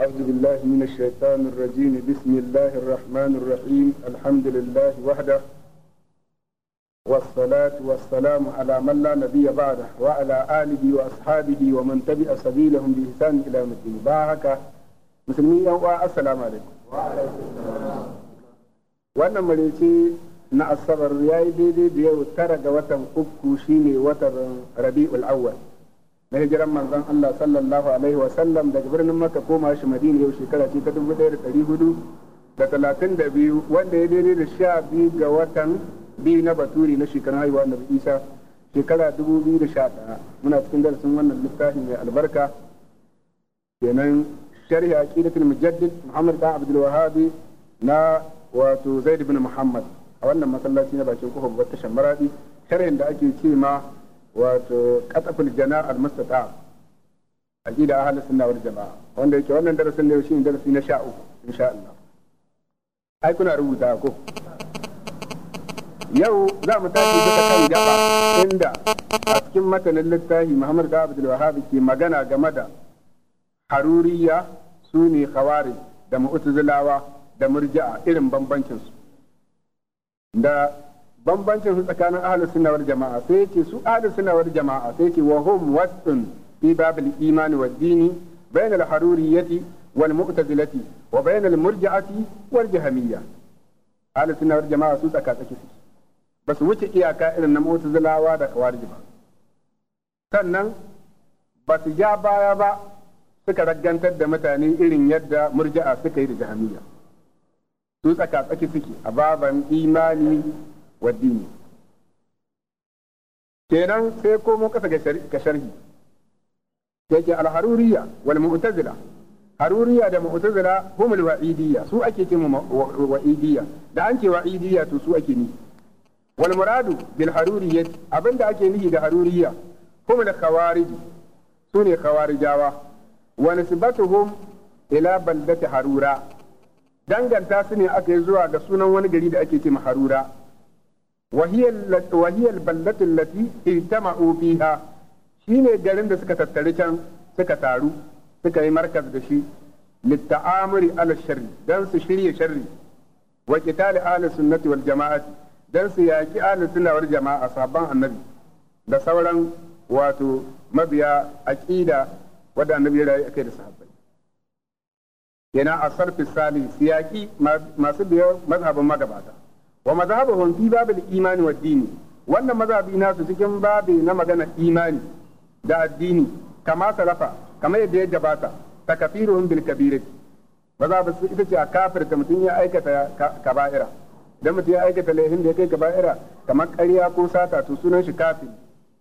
أعوذ بالله من الشيطان الرجيم بسم الله الرحمن الرحيم الحمد لله وحده والصلاة والسلام على من لا نبي بعده وعلى آله وأصحابه ومن تبع سبيلهم بإحسان إلى يوم الدين بارك مسلمين السلام عليكم وعليكم السلام wannan marece na asabar ya yi daidai da yau tara ga watan uku shine watan rabi'ul awwal na hijiran manzan Allah sallallahu alaihi wa sallam daga birnin Makka koma shi Madina yau shekara ce ta dubu ɗaya da ɗari hudu da talatin da biyu wanda ya daidai da sha biyu ga watan biyu na baturi na shekarun haihuwa na Isa shekara dubu biyu da sha ɗaya muna cikin darasin wannan littafin mai albarka kenan sharhi aqidatul mujaddid Muhammad da Abdul Wahhabi na wato Zaid bin Muhammad a wannan masallaci na bakin kofar Bata Shamaradi sharhin da ake cewa wato qataful jana al mustata aqida ahli sunna wal jamaa wanda yake wannan darasin ne shi ne darasi na sha uku insha Allah ai kuna rubuta ko yau za mu tafi duka kan jaba inda a cikin matanin littafi Muhammad da Abdul Wahhab ke magana game da haruriya su ne khawari da mu'tazilawa da murji'a irin bambancin su da bambancin su tsakanin ahlus sunna wal jama'a sai yace su ahlus sunna wal jama'a sai yace wa hum wasfun fi babil iman wad dini bain al haruriyyati wal mu'tazilati wa bain al murji'ati wal jahmiyya ahlus sunna wal jama'a su tsaka tsaki su ba su wuce iyaka irin na mu'tazilawa da khawarij ba sannan ba su ja baya ba suka raggantar da mutane irin yadda murji'a suka yi da jahmiyya su tsaka tsaki suke a baban imani wa kenan sai komo kasa ga sharhi yake al-haruriyya wal mu'tazila haruriya da mu'tazila humul wa'idiyya su ake ce wa'idiyya da an ce wa'idiyya to su ake ni wal muradu bil haruriyya abinda ake nihi da haruriyya humul khawarij su ne khawarijawa wa nisbatuhum ila baldati harura danganta su ne aka yi zuwa ga sunan wani gari da ake ce harura wahiyar وهي البلدة التي اجتمعوا shi shine garin da suka tattari can suka taru suka yi markaz da shi litta'amuri ala sharri dan su shirya sharri wa qitali ahli sunnati wal jama'ati su yaki ahli sunna wal jama'a sabon annabi da sauran wato mabiya aqida wanda annabi ya rayu akai da sahabbai yana asarfi sali siyaki masu biyar mazhabin magabata wa mazhabuhum fi babil imani wa dini wannan mazhabi nasu cikin babi na magana imani da addini kama salafa kamar yadda ya gabata takafirun bil kabirati mazhabu ita ce a kafirta mutum ya aikata kaba'ira dan mutum ya aikata laifin da ya kai kaba'ira kamar ko sata sunan shi kafiri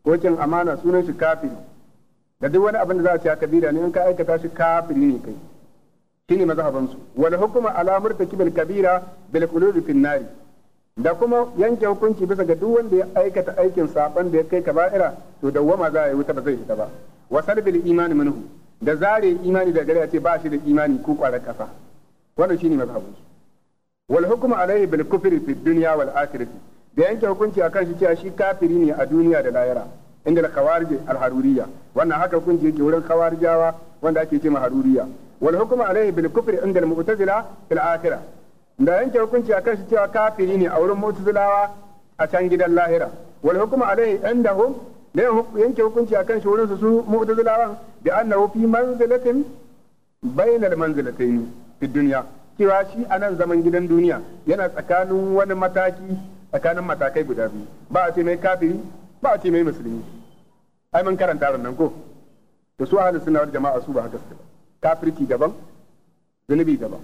ko cin amana sunan shi kafiri da duk wani abin da za a ce kabira ne in ka aikata shi kafiri ne kai shine mazhabansu wal hukuma ala murtakib al kabira bil qulubi fin nari da kuma yanke hukunci bisa ga duk wanda ya aikata aikin saban da ya kai kaba'ira to dawwama za a yi wuta ba zai fita ba wa sarbil imani minhu da zare imani da gare ce ba shi da imani ko kwarar kasa wannan shine mazhabin wal hukmu alaihi bil kufri fi dunya wal akhirati da yanke hukunci akan shi cewa shi kafiri ne a duniya da lahira inda da khawarij al wannan haka hukunci yake wurin khawarijawa wanda ake ce ma haruriya wal hukmu alaihi bil kufri inda al mu'tazila fil akhirah da yanke hukunci a kan shi cewa kafiri ne a wurin mu'tazilawa a can gidan lahira wal hukuma alaihi indahum da yanke hukunci a kan shi wurin su su mu'tazilawa bi annahu fi manzilatin bainal manzilatayn fi dunya cewa shi a nan zaman gidan duniya yana tsakanin wani mataki tsakanin matakai guda biyu ba a ce mai kafiri ba a ce mai musulmi ai mun karanta ran ko da su ahlus sunna wal jama'a su ba haka suke ba kafirci daban zunubi daban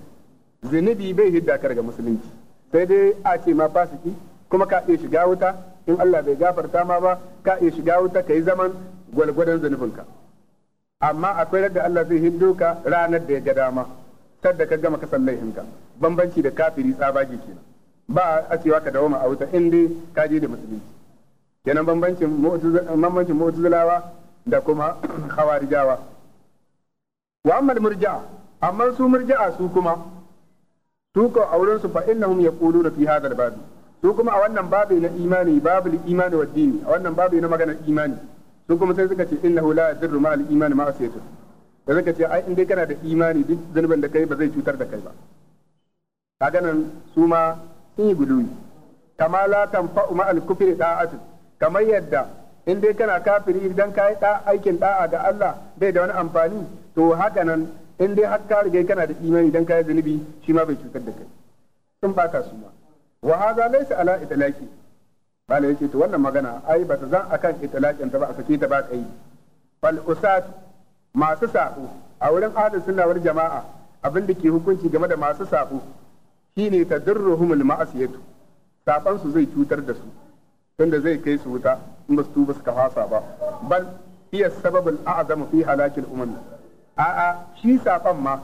zunubi bai hidda ka daga musulunci sai dai a ce ma fasiki kuma ka iya shiga wuta in Allah bai gafarta ma ba ka iya shiga wuta ka yi zaman gwalgwadon zunubinka amma akwai yadda Allah zai hiddo ka ranar da ya ga dama sadda ka gama kasan laifinka bambanci da kafiri tsabage ke ba a cewa ka dawo ma a wuta in dai ka je da musulunci kenan bambancin bambancin mu'tazilawa da kuma khawarijawa wa amma murja'a amma su murja'a su kuma su ko auren su fa innahum yaquluna fi hadha al-bab su kuma a wannan babi na imani babu imani wa dini a wannan babi na magana imani su kuma sai suka ce innahu la yadurru ma al-imani ma asiyatu da suka ce ai in kana da imani duk zanuban da kai ba zai cutar da kai ba kaga nan su ma sun yi gudu kama la tanfa'u ma al-kufri da'at kamar yadda in dai kana kafiri idan kai da aikin da'a ga Allah bai da wani amfani to haka nan in dai har kana da imani dan kai zunubi shi ma bai cutar da kai sun baka su ma wa hadha laysa ala itlaqi bala yace to wannan magana ai ba ta zan akan itlaqin ta ba a sake ta ba kai fal usat masu sako a wurin ahlus sunna wal jama'a abin da ke hukunci game da masu sako shine tadurruhumul ma'asiyatu safan su zai cutar da su tunda zai kai su wuta in ba su tuba suka fasa ba bal iya sababul a'zamu fi halakil umam a'a shi safan ma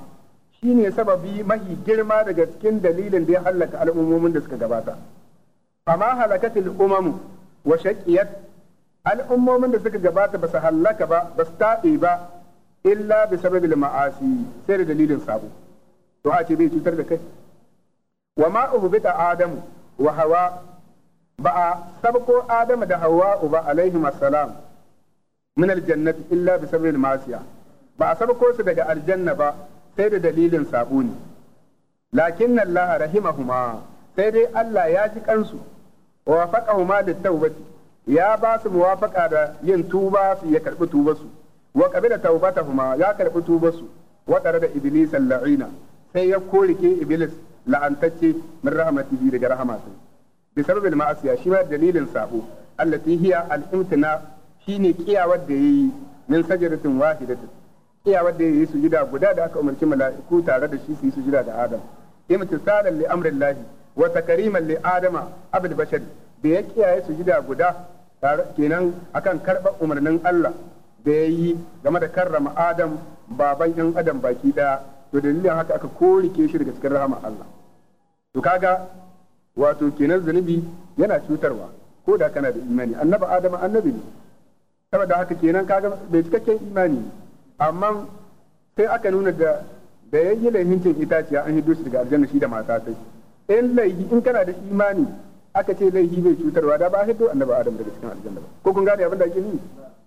shi ne sababi mahi girma daga cikin dalilin da ya hallaka al'ummomin da suka gabata fama halakatil umamu wa shaqiyat al'ummomin da suka gabata ba su halaka ba ba su taɓe ba illa bi sababil ma'asi sai da dalilin sabo to a ce bai cutar da kai wa ma uhbita adamu wa hawa ba a sabko adamu da Hauwa ba alaihim assalam min aljannati illa bi sababil ma'asiya ba a sarko su daga aljanna ba sai da dalilin sabuni lakin Allah rahimahuma sai dai Allah ya ji kansu wa wafaqahuma littawbati ya ba su muwafaqa da yin tuba su ya karbi tubarsu wa qabila tawbatahuma ya karbi su wa da iblis la'ina sai ya korike iblis la'antacce min rahmatihi daga rahmatin bi sababil ma'asiya shi ma dalilin sabo allati hiya al-imtina shine kiyawar da yayi min sajaratin wahidatin iya wadda ya yi sujuda guda da aka umarci mala'iku tare da shi su yi sujuda da Adam imtisalan li lahi wa takriman li adama abul bashar da ya kiyaye sujuda guda kenan akan karɓar umarnin Allah da ya yi game da karrama Adam baban yan Adam baki daya to dalilin haka aka korike shi daga cikin rahama Allah to kaga wato kenan zunubi yana cutarwa ko da kana da imani annabi Adam annabi ne saboda haka kenan kaga bai cikakken imani ne amma sai aka nuna ga da yayi laifin cin itaciya an hido shi daga aljanna shi da mata sai in laifi in kana da imani aka ce laifi bai cutarwa da ba hiddo annabi adam daga cikin aljanna ba ko kun gane abin da ake nufi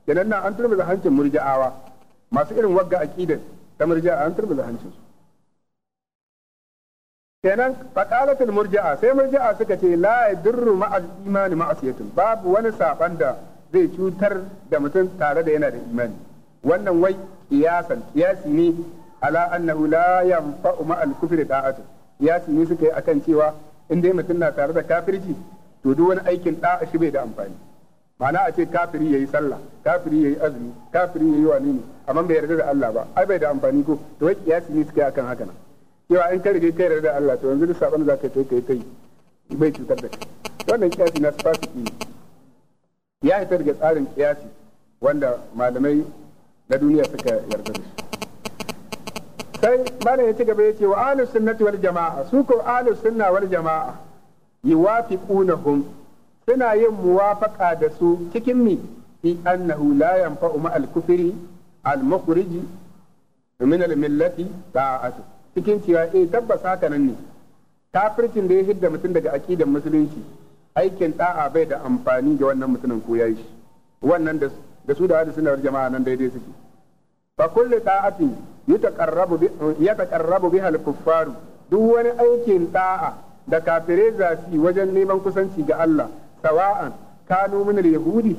kenan nan an turbe hancin murji'awa masu irin wagga aqida ta murji'a an turbe hancin su kenan faqalatul murji'a sai murji'a suka ce la yadurru ma'al imani ma'asiyatun babu wani saban da zai cutar da mutum tare da yana da imani wannan wai kiyasan kiyasi ne ala annahu la yanfa'u ma al-kufri da'atu kiyasi ne suka yi akan cewa in dai mutum na tare da kafirci to duk wani aikin da'a shi bai da amfani ma'ana a ce kafiri yayi sallah kafiri yayi azumi kafiri yayi wani ne amma bai yarda da Allah ba ai bai da amfani ko to wai kiyasi ne suka yi akan haka nan cewa in ka rige kai yarda da Allah to yanzu duk sabon za ka kai kai kai bai cutar da kai wannan kiyasi na fasiki ne ya fitar ga tsarin kiyasi wanda malamai na duniya suka yarda da shi sai malam ya ci gaba ya ce wa ahlus sunnati wal jama'a su ko ahlus sunna wal jama'a yuwafiqunahum suna yin muwafaqa da su cikin mi fi annahu la yanfa'u ma al kufri al mukhrij min al millati ta'atu cikin cewa eh tabbas haka nan ne kafircin da ya hidda mutum daga aqidar musulunci aikin da'a bai da amfani ga wannan mutumin ko yayi wannan da da su da ahli sunna jama'a nan daidai suke fa kulli ta'atin yataqarrabu bi yataqarrabu biha al duk wani aikin da'a da kafire za su wajen neman kusanci ga Allah sawa'an kanu min al-yahudi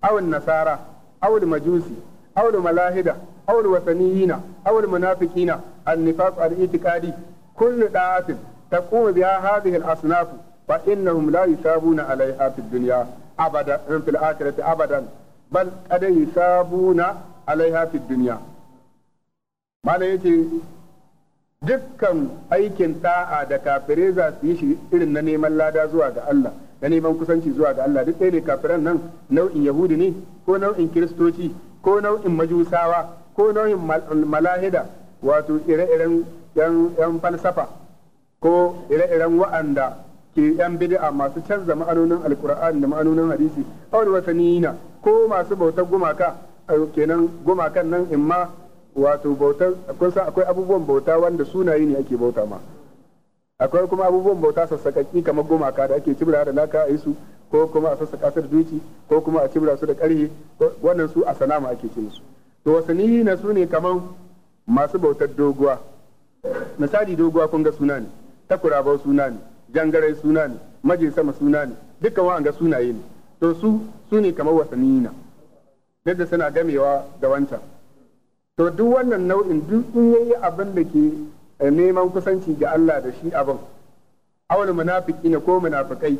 aw nasara aw al-majusi aw al-malahida aw al-wataniyina aw al-munafiqina an-nifaq al-i'tiqadi kullu da'atin taqumu biha hadhihi al-asnaf fa innahum la yusabuna 'alayha abadan bal qad yusabuna alaiha fi dunya malai yace dukkan aikin ta'a da kafire za su yi shi irin na neman lada zuwa ga Allah na neman kusanci zuwa ga Allah duk ɗaya ne kafiran nan nau'in yahudi ne ko nau'in kiristoci ko nau'in majusawa ko nau'in malahida wato ire-iren yan falsafa ko ire-iren wa'anda ke yan bid'a masu canza ma'anonin alkur'ani da ma'anonin hadisi awar nina. ko masu bautar gumaka kenan gumakan nan in ma wato bautar kun san akwai abubuwan bauta wanda sunaye ne ake bauta ma akwai kuma abubuwan bauta sassaƙaƙi kamar gumaka da ake cibra da laka a su ko kuma a sassaƙa su da duci ko kuma a cibra su da ƙarhe wannan su a sanama ake ce musu to ni na su ne kamar masu bautar doguwa misali doguwa kun ga suna ne takurabau suna ne jangarai suna ne maje sama suna ne dukkan wa'anga sunaye ne to su su ne kamar wasanina na yadda suna gamewa da wancan to duk wannan nau'in duk in yayi abin da ke eh, neman kusanci ga Allah da shi abin awal munafiki ne ko munafikai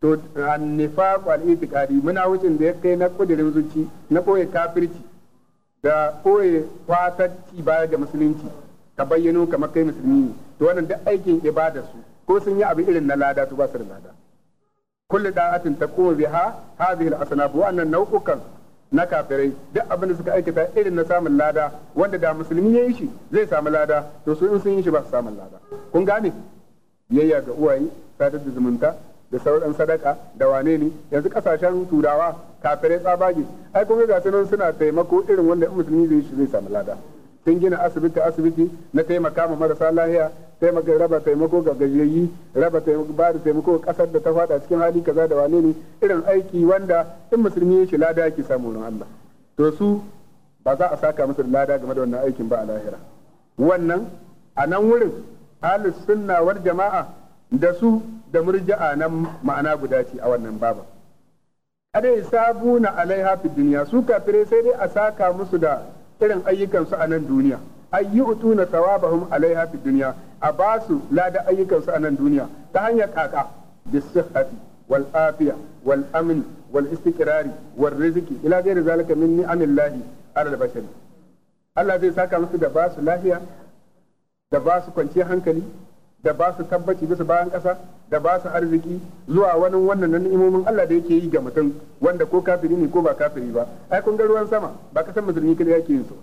to eh, annifaq wal itiqadi wucin da ya kai na kudirin zuci na koyi kafirci da koyi fatacci baya ga musulunci ka bayyano kamar kai musulmi ne to wannan duk aikin ibada su ko sun yi abu irin na lada to ba su da lada kullu da'atin taqumu biha hadhihi al-asnaf wa'annan nau'ukan na kafirai duk abin da suka aikata irin na samun lada wanda da musulmi ya yi shi zai samu lada to su in sun yi shi ba su samun lada kun gane biyayya ga uwaye sadar da zumunta da sauran sadaka da wane ne yanzu kasashen turawa kafirai tsabage ai kuma ga sunan suna taimako irin wanda musulmi zai shi zai samu lada sun gina asibiti asibiti na taimaka ma marasa lahiya taimaka raba taimako ga gajiyayyi raba taimako ba da taimako kasar da ta fada cikin hali kaza da wane ne irin aiki wanda in musulmi ya shi lada yake samu wurin Allah to su ba za a saka musu lada game da wannan aikin ba a lahira wannan a nan wurin ahlus sunna wal jama'a da su da murji'a nan ma'ana guda ce a wannan baba kada isabuna alaiha fi duniya su kafirai sai dai a saka musu da irin ayyukansu a nan duniya ay yu'tuna thawabahum alaiha fi dunya a ba su lada ayyukan su a nan duniya ta hanyar kaka bisihhati wal afiya wal amn wal istiqrari wal rizqi ila ghairi zalika min ni'amillahi ala al-bashar Allah zai saka musu da ba su lafiya da ba su kwanciyar hankali da ba su tabbaci bisa bayan ƙasa da ba su arziki zuwa wani wannan nan imomin Allah da yake yi ga mutum wanda ko kafiri ne ko ba kafiri ba ai kun ga ruwan sama ba san musulmi kada yake yin su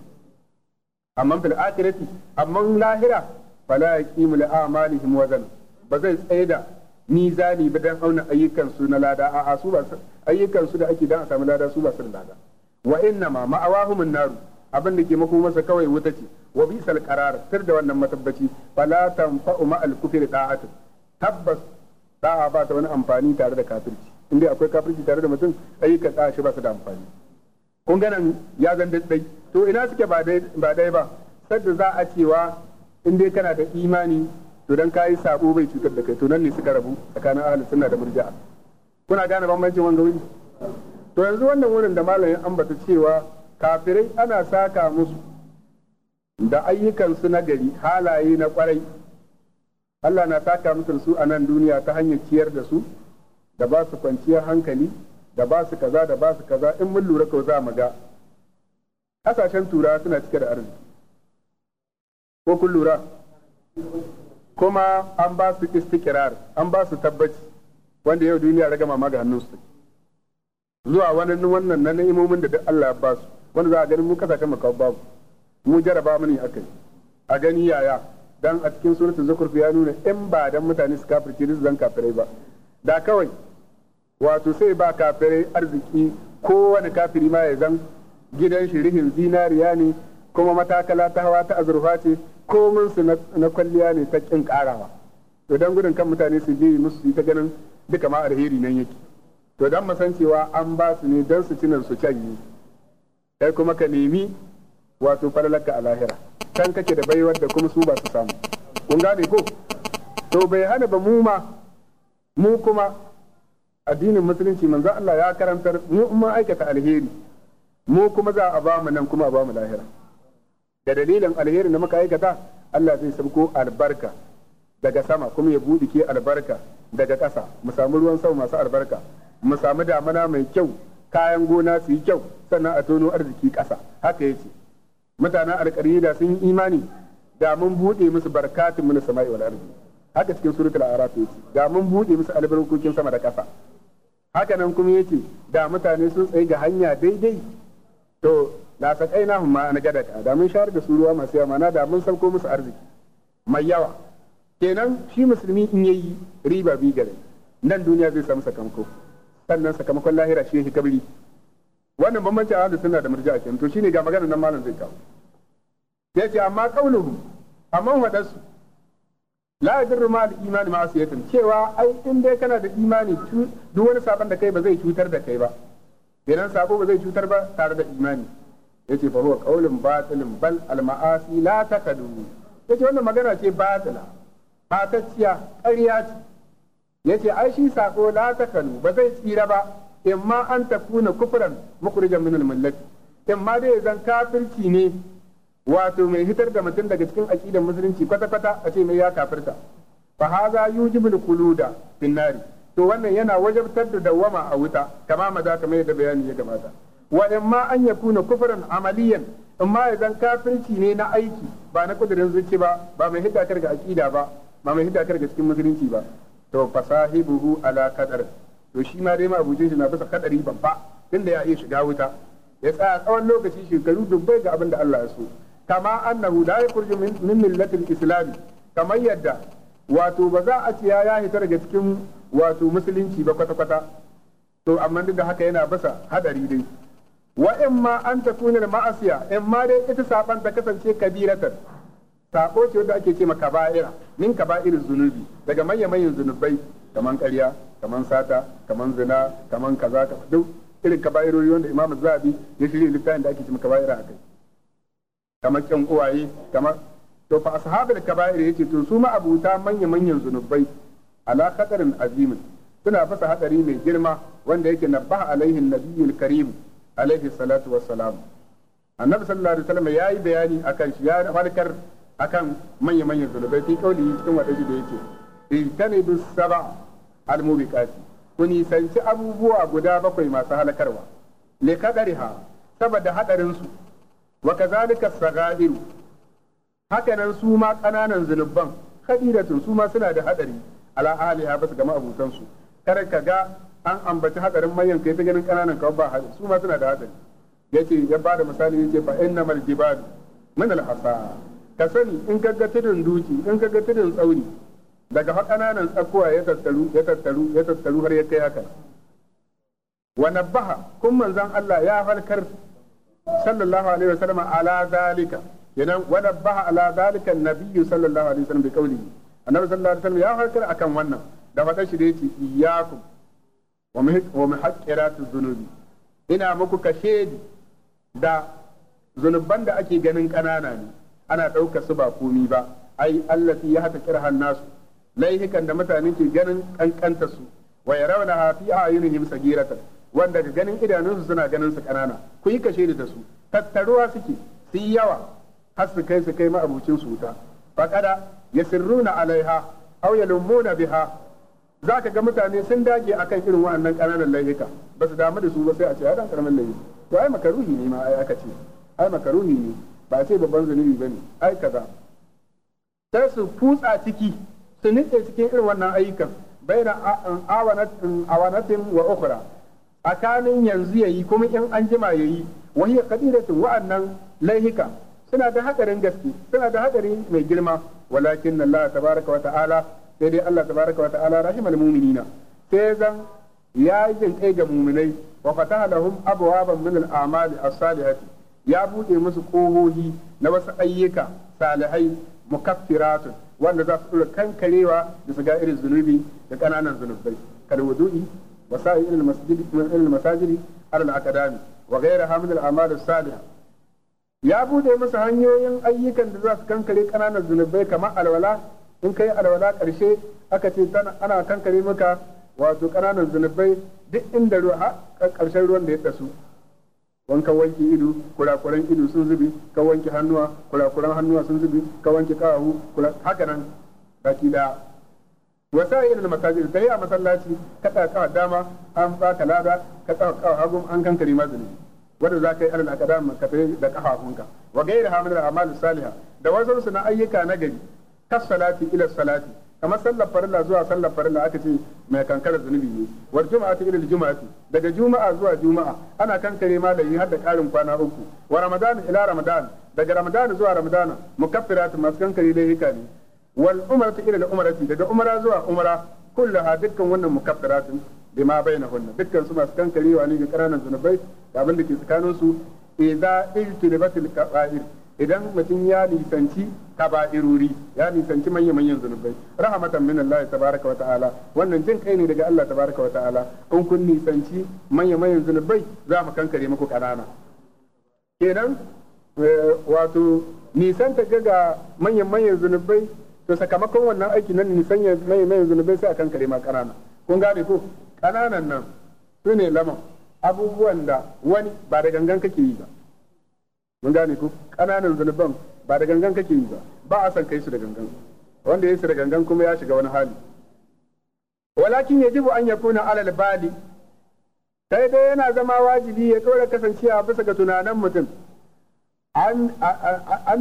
amma fil akhirati amma lahira fala yaqimu li a'malihim wazan ba zai tsaida mizani ba dan auna ayyukan su na lada su ba ayyukan su da ake dan a samu lada su ba su lada wa inna ma ma'awahum an-naru abin da ke mako masa kawai wuta ce wa bisal qarar sir da wannan matabbaci fala tanfa'u ma'al kufri da'atu tabbas da'a ba ta wani amfani tare da kafirci inda akwai kafirci tare da mutum ayyukan da'a shi ba su da amfani kun ganan ya zan dai to ina suke ba dai ba sadda za a cewa in dai kana da imani to dan kayi sabo bai cutar da kai to nan ne suka rabu tsakanin ahlus sunna da murji'a kuna gane bambancin wanga wuri to yanzu wannan wurin da malamin ambata cewa kafirai ana saka musu da ayyukansu na gari halaye na kwarai Allah na saka musu su a nan duniya ta hanyar ciyar da su da ba su kwanciyar hankali da ba su kaza da ba su kaza in mun lura kawai za mu ga kasashen tura suna cike da arziki ko kun lura kuma an ba su istikirar an ba su tabbaci wanda yau duniya raga mama ga hannunsu zuwa wani wannan na ni'imomin da duk Allah ya ba su wanda za a gani mu kasashen mu babu mu jaraba mu ne akai a gani yaya dan a cikin suratul zukhruf ya nuna in ba dan mutane su kafirci su zan kafirai ba da kawai wato sai ba kafirai arziki wani kafiri ma ya zan gidan shirihin zinariya ne kuma matakala ta hawa ta azurfa ce komin su na kwalliya ne ta kin karawa to dan gudun kan mutane su bi musu su ta ganin duka ma alheri nan yake to dan musan cewa an ba su ne dan su cinan su canyi kai kuma ka nemi wato falalaka a lahira kan kake da baiwar da kuma su ba su samu kun gane ko to bai hana ba mu ma mu kuma addinin musulunci manzo Allah ya karantar mu mun aikata alheri mu kuma za a bamu nan kuma a bamu lahira da dalilin alheri na muka aikata Allah zai sabko albarka daga sama kuma ya buɗe albarka daga ƙasa mu samu ruwan sama masu albarka mu samu damana mai kyau kayan gona su yi kyau sannan a tono arziki ƙasa haka yace mutanen alƙari da sun yi imani da mun buɗe musu barkatun mun sama'i wal ardi haka cikin suratul a'raf yace da mun buɗe musu albarkokin sama da ƙasa haka nan kuma yace da mutane sun tsaye ga hanya daidai to da ka kaina ma an gada ka da mun da su ruwa masu yawa na da mun sauko musu arziki mai yawa kenan shi musulmi in yayi riba bi gare nan duniya zai samu sakamako sannan sakamakon lahira shi yake kabri wannan bambanci a da suna da murji'a kenan to shine ga maganar nan malam zai kawo yace amma qauluhu amma wadansu la yadurru ma al-iman ma'asiyatin cewa ai in dai kana da imani duk wani sabon da kai ba zai cutar da kai ba idan sako ba zai cutar ba tare da imani yace fa huwa qaulun batilun bal al ma'asi la takadu yace wannan magana ce batila batacciya ƙarya ce yace ai shi sako la takadu ba zai tsira ba ma an takuna kufran mukhrijan min al millati ma dai zan kafirci ne wato mai hitar da mutum daga cikin aqidar musulunci kwata kwata a ce mai ya kafirta fa haza yujibul al khuluda nari to wannan yana wajabtar da dawwama a wuta kama maza mai yadda bayani ya gabata wa in ma an kuna kufran amaliyan in ma yazan kafirci ne na aiki ba na kudirin zuci ba ba mai hidatar ga aƙida ba ba mai hidatar ga cikin musulunci ba to fasahibuhu ala kadar to shi ma dai ma abucin shi na bisa kadari babba tunda ya iya shiga wuta ya tsaya tsawon lokaci shekaru dubbai ga abin da Allah ya so kama annahu la yakhruju min millatil islami kamar yadda wato ba za a ce ya hita daga cikin wato musulunci ba kwata-kwata to amma duk da haka yana basa hadari dai wa in ma an ta kunar ma'asiya in ma dai ita saban ta kasance kabiratar sabo ce wanda ake ce ma kaba'ira min kaba'irin zunubi daga manya manyan zunubai kaman ƙarya kaman sata kaman zina kaman kaza ka duk irin kaba'irori wanda imam zabi ya shirya littafin da ake ce ma kaba'ira akai kamar kyan uwaye kamar to fa ashabul kaba'ir yace to su ma abuta manya manyan zunubai ala khatarin azim suna fasa hadari mai girma wanda yake nabba alaihi nabiyul karim alaihi salatu wassalam annabi sallallahu alaihi wasallam yayi bayani akan shi ya falkar akan manya manyan zulubai fi kauli cikin wadaji da yake ijtanibu sab'a almubiqati ku nisanci abubuwa guda bakwai masu halakarwa li ha saboda hadarin su wa kazalika sagairu hakanan su ma kananan zulubban kadiratun su ma suna da hadari ala haliha ba su gama abutansu kar ka ga an ambaci hadarin manyan kai ta ganin kananan kawai ba hadari su ma suna da hadari yace ya bada misali yace fa innamal jibal min al hasa ka sani in ka ga tudun duki in ka ga tudun tsauri daga kananan tsakuwa ya tattaru ya tattaru ya tattaru har ya kai haka wa nabaha kun manzon Allah ya halkar sallallahu alaihi wasallam ala zalika yana wa nabaha ala zalika an-nabiy sallallahu alaihi wasallam bi qawlihi annabi sallallahu alaihi wasallam ya harkar akan wannan da faɗa shi da yace iyyakum wa muhaqqiratu dhunubi ina muku kashe da zunuban da ake ganin ƙanana ne ana ɗauka su ba komi ba ai allati ya hata kirhan nasu laihikan da mutane ke ganin kankanta su wa yarawna fi ayunihim sagiratan wanda ga ganin idanunsu suna ganin su kanana ku yi kashe da su tattaruwa suke su yawa har su kai su kai abucin su wuta faqada yasirruna alaiha aw yalumuna biha za ka ga mutane sun dage akan irin wa'annan ƙananan laifuka ba su damu da su ba sai a ce ai dan karamin laifi to ai makaruhi ne ma ai aka ce ai makaruhi ne ba sai babban zunubi bane ai kaza sai su futsa ciki su nitse cikin irin wannan ayyukan baina um, um, awanatin wa ukhra tsakanin yanzu yayi kuma in an jima yayi wahiya qadiratun wa'annan laifuka suna da hadarin gaske suna da hadari mai girma walakin Allah tabaraka wa ta'ala sai dai Allah tabaraka wa ta'ala rahimal mu'minina sai zan ya yi kai ga mu'minai wa fataha lahum abwaban min al-a'mal as-salihati ya buɗe musu kohohi na wasu ayyuka salihai mukaffiratun wanda za su dora kankarewa da su ga irin zunubi da ƙananan zunubai kal wudu'i wa sa'il al-masjid min al-masajid al-aqdami wa ghayraha min al-a'mal as ya bude masa hanyoyin ayyukan da za su kankare ƙananan zunubai kamar alwala in kai alwala ƙarshe aka ce ana kankare maka wato ƙananan zunubai duk inda ruwa ƙarshen ruwan da ya tsasu wankan wanki ido kurakuran ido sun zubi ka wanki hannuwa kurakuran hannuwa sun zubi ka wanki kawahu haka nan baki da wasa irin ta yi a masallaci ka tsaka dama an ka lada ka tsaka hagu an kankare mazuni wanda za ka yi alal akadam da kaha da kafafunka wa gairi ha min al Saliha da wasu su na ayyuka na gari kas salati ila salati kamar sallar farilla zuwa sallar farilla aka ce mai kankarar zunubi ne war juma'atu ila juma'ati daga juma'a zuwa juma'a ana kankare ma da yi har da karin kwana uku wa ramadan ila ramadan daga ramadan zuwa ramadan mukaffiratun masu kankare da hika ne wal umratu ila umrati daga umara zuwa umara kullaha dukkan wannan mukaffiratun bima bainahunna dukkan su masu wa ne ga ƙananan zunubai da abin da ke tsakanin su idza ijtinabatil kaba'ir idan mutum ya nisanci kaba'iruri ya nisanci manya-manyan zunubai rahmatan min Allah tabaraka wa ta'ala wannan jin kai ne daga Allah tabaaraka wa ta'ala in kun nisanci manya-manyan zunubai za mu kankare muku ƙanana kenan eh, wato nisan ta ga manya-manyan zunubai to sakamakon wannan aiki na nisan manya-manyan zunubai sai a kankare ma ƙanana kun gane ko ƙananan nan su ne laman abubuwan da wani ba da gangan kake yi ba mun gane ku ƙananan zunuban ba da gangan kake yi ba ba a san kai su da gangan wanda ya su da gangan kuma ya shiga wani hali walakin yajibu an kuna alal bali sai dai yana zama wajibi ya tsora kasancewa bisa ga tunanin mutum An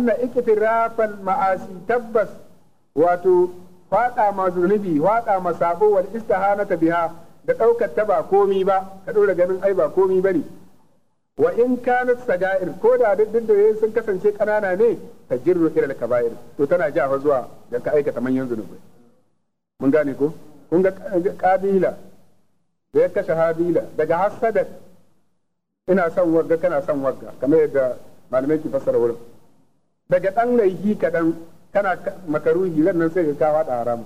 na ikitirafan ma'asi tabbas wato fada ma zunubi fada ma sabo wal istihanata biha da ɗaukar ta ba komi ba ka ɗora ganin ai ba komi ba ne wa in kanat sagair ko da duk da sun kasance ƙanana ne ta jirru ilal kaba'ir to tana jafa zuwa da ka aikata manyan zunubai mun gane ko kun ga kabila da ya kashe habila daga hasadat ina son wagga kana son wagga kamar yadda malamai ke fassara wurin daga ɗan laifi kaɗan kana makaruhi nan sai ka kawo da haram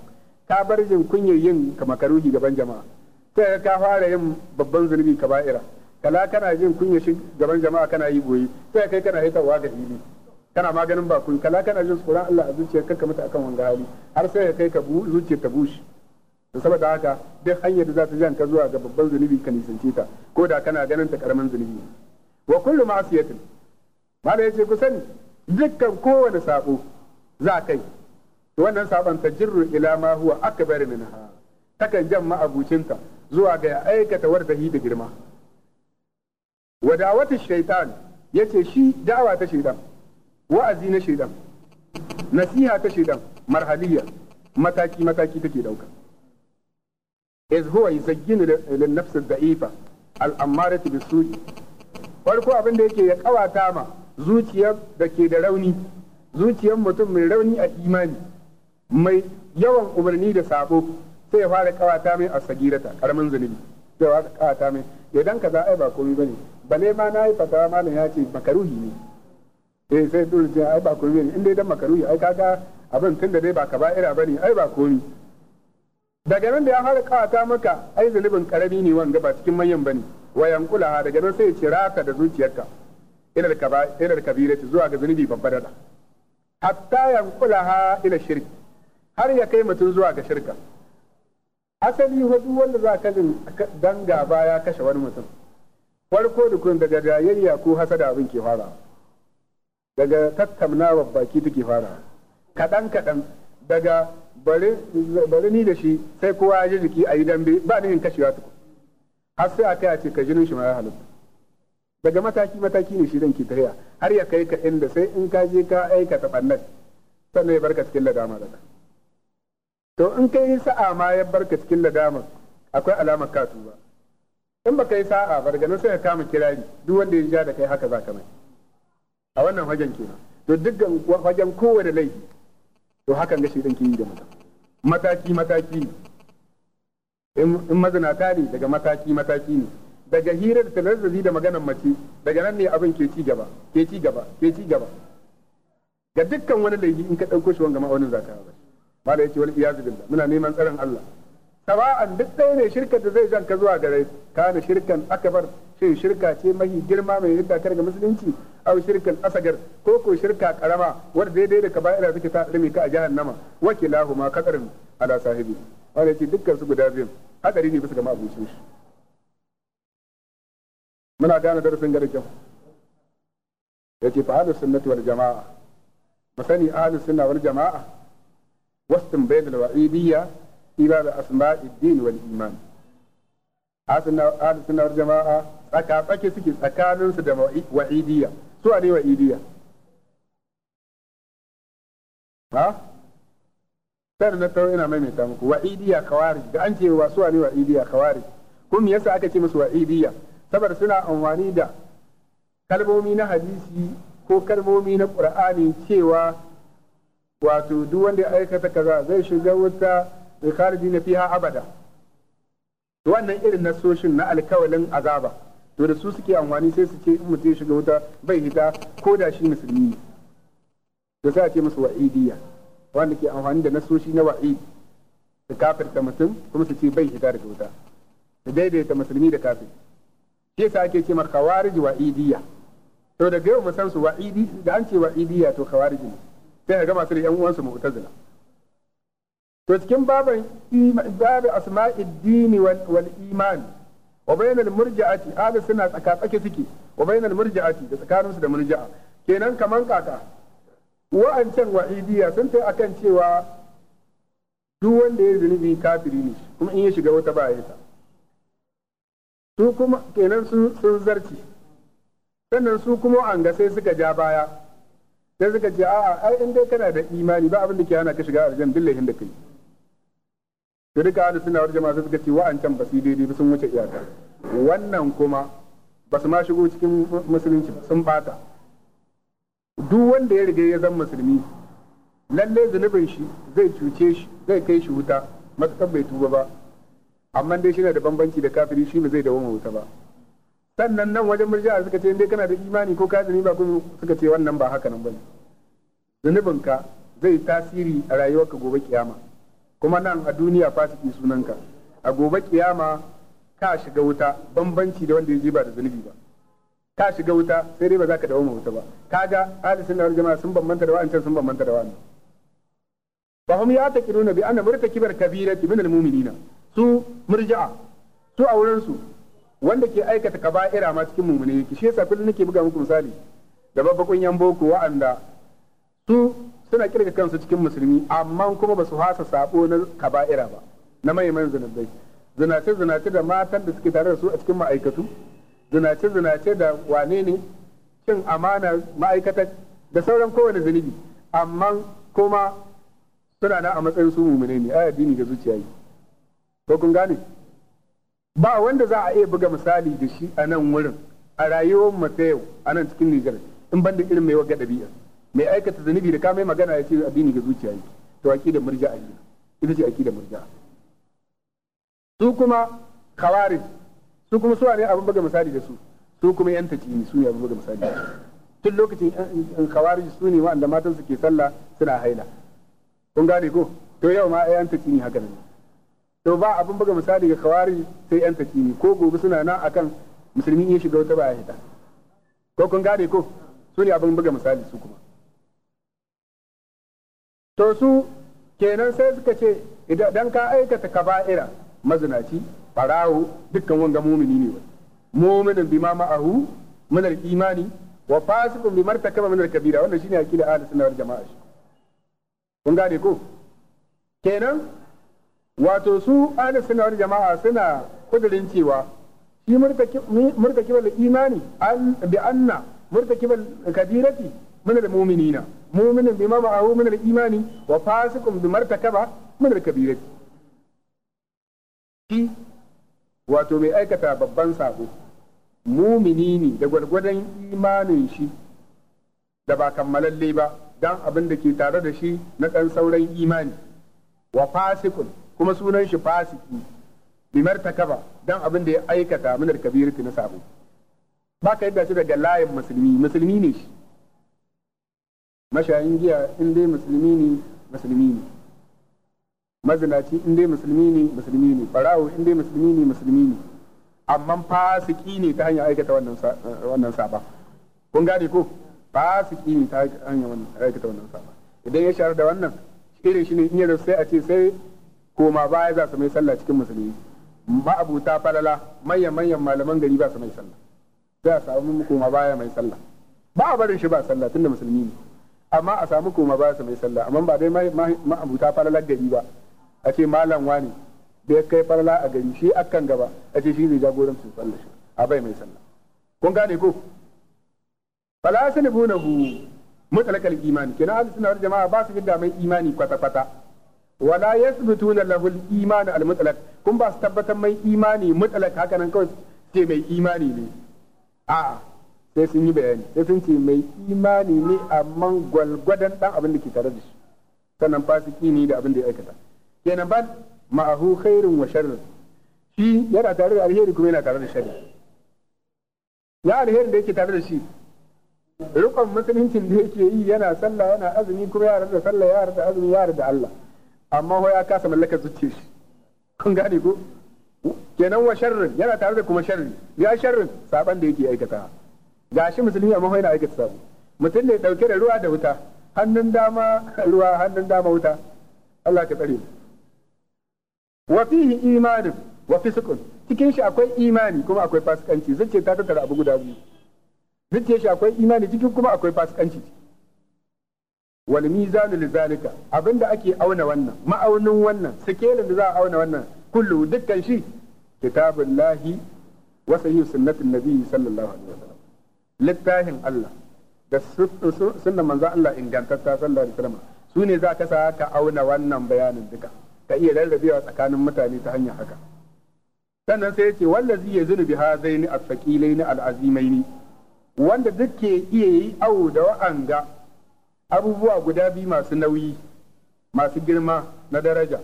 ka bar jin kunyar yin makaruhi gaban jama'a sai ka fara yin babban zunubi kaba'ira kala kana jin kunya shi gaban jama'a kana yi goyi sai kai kana haitarwa ga hili kana maganin ba kun kala kana jin tsoron Allah a zuciyar kanka mata akan wanga hali har sai ya kai ka zuciya ta bushe to saboda haka duk hanyar da za ta jan ka zuwa ga babban zunubi ka nisance ta ko da kana ganin ta karamin zunubi wa kullu ma'siyatin mala yace ku sani dukkan kowane sako za kai to wannan saban jirru ila ma huwa akbar minha takan jan ma'abucinta zuwa ga aikata wardahi da girma wadawata shaitan ya ce shi da'awa ta shaidan, wa'azi na shaidan, nasiha ta shaidan, marhaliya mataki mataki take dauka iz huwa yuzayyinu lin nafsi da'ifa al ta bisuri. farko abin da yake ya kawata ma zuciyar da ke da rauni zuciyar mutum mai rauni a imani mai yawan umarni da sabo sai ya fara kawata mai a sagirata karamin zunubi sai ya kawata mai idan ka za a ba komai bane bale ma na yi fatawa malam ya ce makaruhi ne eh sai dole ce ai ba komai bane in dai dan makaruhi ai kaga abin tun da dai ba ka ira bane ai ba komai daga nan da ya fara kawata maka ai zunubin karami ne wanda ba cikin manyan bane wayan kulaha daga nan sai ya cira ka da zuciyarka ila da kabirati zuwa ga zunubi babbar dada hatta yankulaha ila shirki har ya kai mutum zuwa ga shirka asali fa duk wanda za ka dan gaba ya kashe wani mutum farko da kun daga jayayya ko hasada abin ke fara daga tattamnawa baki take fara kaɗan kaɗan daga bari ni da shi sai kowa ya ji jiki a yi dambe ba ni yin kashewa tuku har sai a kai a ce ka jinin shi ma ya halitta daga mataki mataki ne shi dan ke tafiya har ya kai ka inda sai in ka je ka aikata bannan sannan ya barka cikin ladama da ka to in ka yi sa'a ma ya barka cikin ladamar akwai alamar ka tuba in baka yi sa'a ba daga nan sai ka kama kirari duk wanda ya ja da kai haka za ka mai a wannan wajen kenan to dukkan wajen kowane laifi to hakan ga shaidan ke yi da mutum mataki mataki ne in mazinata ne daga mataki mataki ne daga hirar talazzazi da maganar mace daga nan ne abin ke ci gaba ke ci gaba ke ci gaba ga dukkan wani laifi in ka ɗauko shi wanga ma'aunin zaka ba ba yace wal iyazu billah muna neman tsarin Allah sawa'an duk ɗaya ne shirkar da zai jan ka zuwa gare kana shirkan akabar shin shirka ce mahi girma mai yadda kar ga musulunci au shirkan asagar ko ko shirka karama wanda daidai da kaba'ira suke ta rumi ka a jahannama wakilahu ma kadarin ala sahibi wanda ce dukkan su guda biyu hadari ne bisa ga mabucin shi muna gane darasin garkin yace fa ahlus sunnati wal jamaa masani ahlus sunna wal jamaa da da wa'idiyya وسط din الوعيدية iman أسماء الدين والإيمان أهل jama'a والجماعة tsake suke tsakaninsu da wa'idiyya su ne wa'idiyya ha sai na tawo ina maimaita muku wa'idiyya kawari da an ce wa su ne wa'idiyya kawari kuma me yasa aka ce musu wa'idiyya saboda suna amfani da kalmomi na hadisi ko kalmomi na qur'ani cewa wato duk wanda ya aikata kaza zai shiga wuta bai khariji na fiha abada wannan irin nasoshin na alkawalin azaba to da su suke amfani sai su ce in mutum shiga wuta bai hita ko da shi musulmi ne da sai a ce musu wa'idiyya wanda ke amfani da nasoshi na wa'idi su kafirta mutum kuma su ce bai hita daga wuta su daidaita musulmi da kafir shi yasa ake ce mar khawarij wa'idiyya to da gaiwa mu san su wa'idi da an ce wa'idiyya to khawarij ne sai ga masu da yan uwansu mu'tazila to cikin baban babu asma'id dini wal iman wa bainal murji'ati suna tsaka tsake suke wa bainal murji'ati da tsakaninsu da murji'a kenan kaman kaka wa'ancan wa'idiya sun fi akan cewa duk wanda ya zunubi kafiri ne kuma in ya shiga wata bayanta su kuma kenan sun zarci sannan su kuma an ga sai suka ja baya sai suka ce a'a ai in dai kana da imani ba abin da ke hana ka shiga aljanna billahin da kai to duka ahlus sunna wal jama'a suka ce wa'ancan ba su daidai ba sun wuce iyaka wannan kuma ba su ma shigo cikin musulunci sun bata duk wanda ya riga ya zan musulmi lalle zunubin shi zai cuce shi zai kai shi wuta matakan bai tuba ba amma dai shi na da bambanci da kafiri shi ba zai dawo wuta ba sannan nan wajen murji'a suka ce indai kana da imani ko ka ba kuma suka ce wannan ba haka nan bane zunubinka zai tasiri a rayuwarka gobe kiyama kuma nan a duniya fasiki sunanka a gobe kiyama ka shiga wuta bambanci da wanda ya je ba da zunubi ba ka shiga wuta sai dai ba za ka dawo wuta ba ga ahli sunna wal jama'a sun bambanta da wa'ancan sun bambanta da wa'annan fa hum ya'taqiduna bi anna murtakibar kabirati min al-mu'minina su murji'a su a wurin su wanda ke aikata kaba'ira ma cikin mummune yake shi yasa kullum nake buga muku misali da babbakun yan boko wa'anda su suna kirga kansu cikin musulmi amma kuma ba su hasa sabo na kaba'ira ba na manyan zinabai zinace zinace da matan da suke tare da su a cikin ma'aikatu zinace zinace da wane ne cin amana ma'aikata da sauran kowane zunubi amma kuma suna na a matsayin su mumune ne a addini ga zuciya yi ko kun gane ba wanda za a iya buga misali da shi a nan wurin a rayuwar mata ta yau a nan cikin Nijar in banda irin mai waga dabi'a mai aikata zanubi da kamai magana ya ce addini ga zuciya yi to da murja'a ne ita ce aqidar murja'a su kuma khawarij su kuma su ne abin buga misali da su su kuma yan taci su ne abin buga misali da su tun lokacin yan khawarij su ne wa'anda matan su ke sallah suna haila kun gane ko to yau ma yan taci ne haka ne to ba abin buga misali ga kawari sai yan takini ko gobe suna nan akan musulmi ya shiga wata baya hita ko kun gane ko su ne abin buga misali su kuma to su kenan sai suka ce idan ka aikata kaba'ira mazinaci farawo dukkan wanga mumini ne wa muminin ma ma'ahu minar imani wa fasiqun bi martakaba minar kabira wannan shine aqida ahlus sunna wal jama'a kun gane ko kenan wato su ahli suna wani jama'a suna kudurin cewa shi da imani bi anna murtakibal kabirati muna da mu'minina bi bima a muna da imani wa fasikun bi kaba muna da kabirati shi wato mai aikata babban sako mumini ne da gwargwadon imanin shi da ba kammalalle ba don abin da ke tare da shi na ɗan sauran imani wa fasikun kuma sunan shi fasiki bimar kaba dan abin da ya aikata minar kabirati na sabo ba ka yadda shi daga layin musulmi musulmi ne shi mashayin giya in dai musulmi ne musulmi ne mazinaci in dai musulmi ne musulmi ne barawo in dai musulmi ne musulmi ne amma fasiki ne ta hanyar aikata wannan saba kun gane ko fasiki ne ta hanyar aikata wannan saba idan ya shahara da wannan irin shi ne in yadda sai a ce sai koma baya za su mai sallah cikin musulmi ma'abuta falala manyan manyan malaman gari ba su mai sallah za a samu koma baya mai sallah ba a barin shi ba sallah tunda musulmi ne amma a samu koma baya su mai sallah amma ba dai ma'abuta falala gari ba a ce malam wani da ya kai falala a gari shi akan gaba a ce shi zai jagorancin sallah shi a bai mai sallah kun gane ko fala sanibunahu mutalakal imani kenan ahlus sunna wal jamaa ba su fidda mai imani kwata kwata wala yasbutuna lahul iman al mutlaq kun ba su tabbatar mai imani mutlaq haka nan kawai ce mai imani ne a sai sun yi bayani sai sun ce mai imani ne amma gwalgwadan dan abin da ke tare da shi sannan fasiki ne da abin da ya aikata kenan ba ma'ahu khairun wa sharrun shi yana tare da alheri kuma yana tare da sharri ya alheri da yake tare da shi rukun musulunci da yake yi yana sallah yana azumi kuma ya da sallah ya da azumi ya da Allah amma ho ya kasa mallaka zuciyar shi kun gane ko kenan wa sharrin yana tare da kuma sharri ya sharrin saban da yake aikata gashi musulmi amma yana aikata sabo mutum ne dauke da ruwa da wuta hannun dama ruwa hannun dama wuta Allah ka tsare mu wa fihi imanin wa fisqun cikin shi akwai imani kuma akwai fasikanci zuciya ta tattara abu guda biyu zuciya shi akwai imani cikin kuma akwai fasikanci wal mizanu lidhalika abinda ake auna wannan ma'aunin wannan sikelin da za a auna wannan kullu dukkan shi kitabullahi wa sahih sunnatin nabi sallallahu alaihi wasallam littafin Allah da sunnan manzon Allah ingantatta sallallahu alaihi wasallam su ne za ka sa ka auna wannan bayanin duka ka iya rarrabewa tsakanin mutane ta hanyar haka sannan sai yace wallazi yazunu bi hadaini al-thaqilaini al-azimaini wanda duke iya yi awo da wa'anga abubuwa guda biyu masu nauyi masu girma na daraja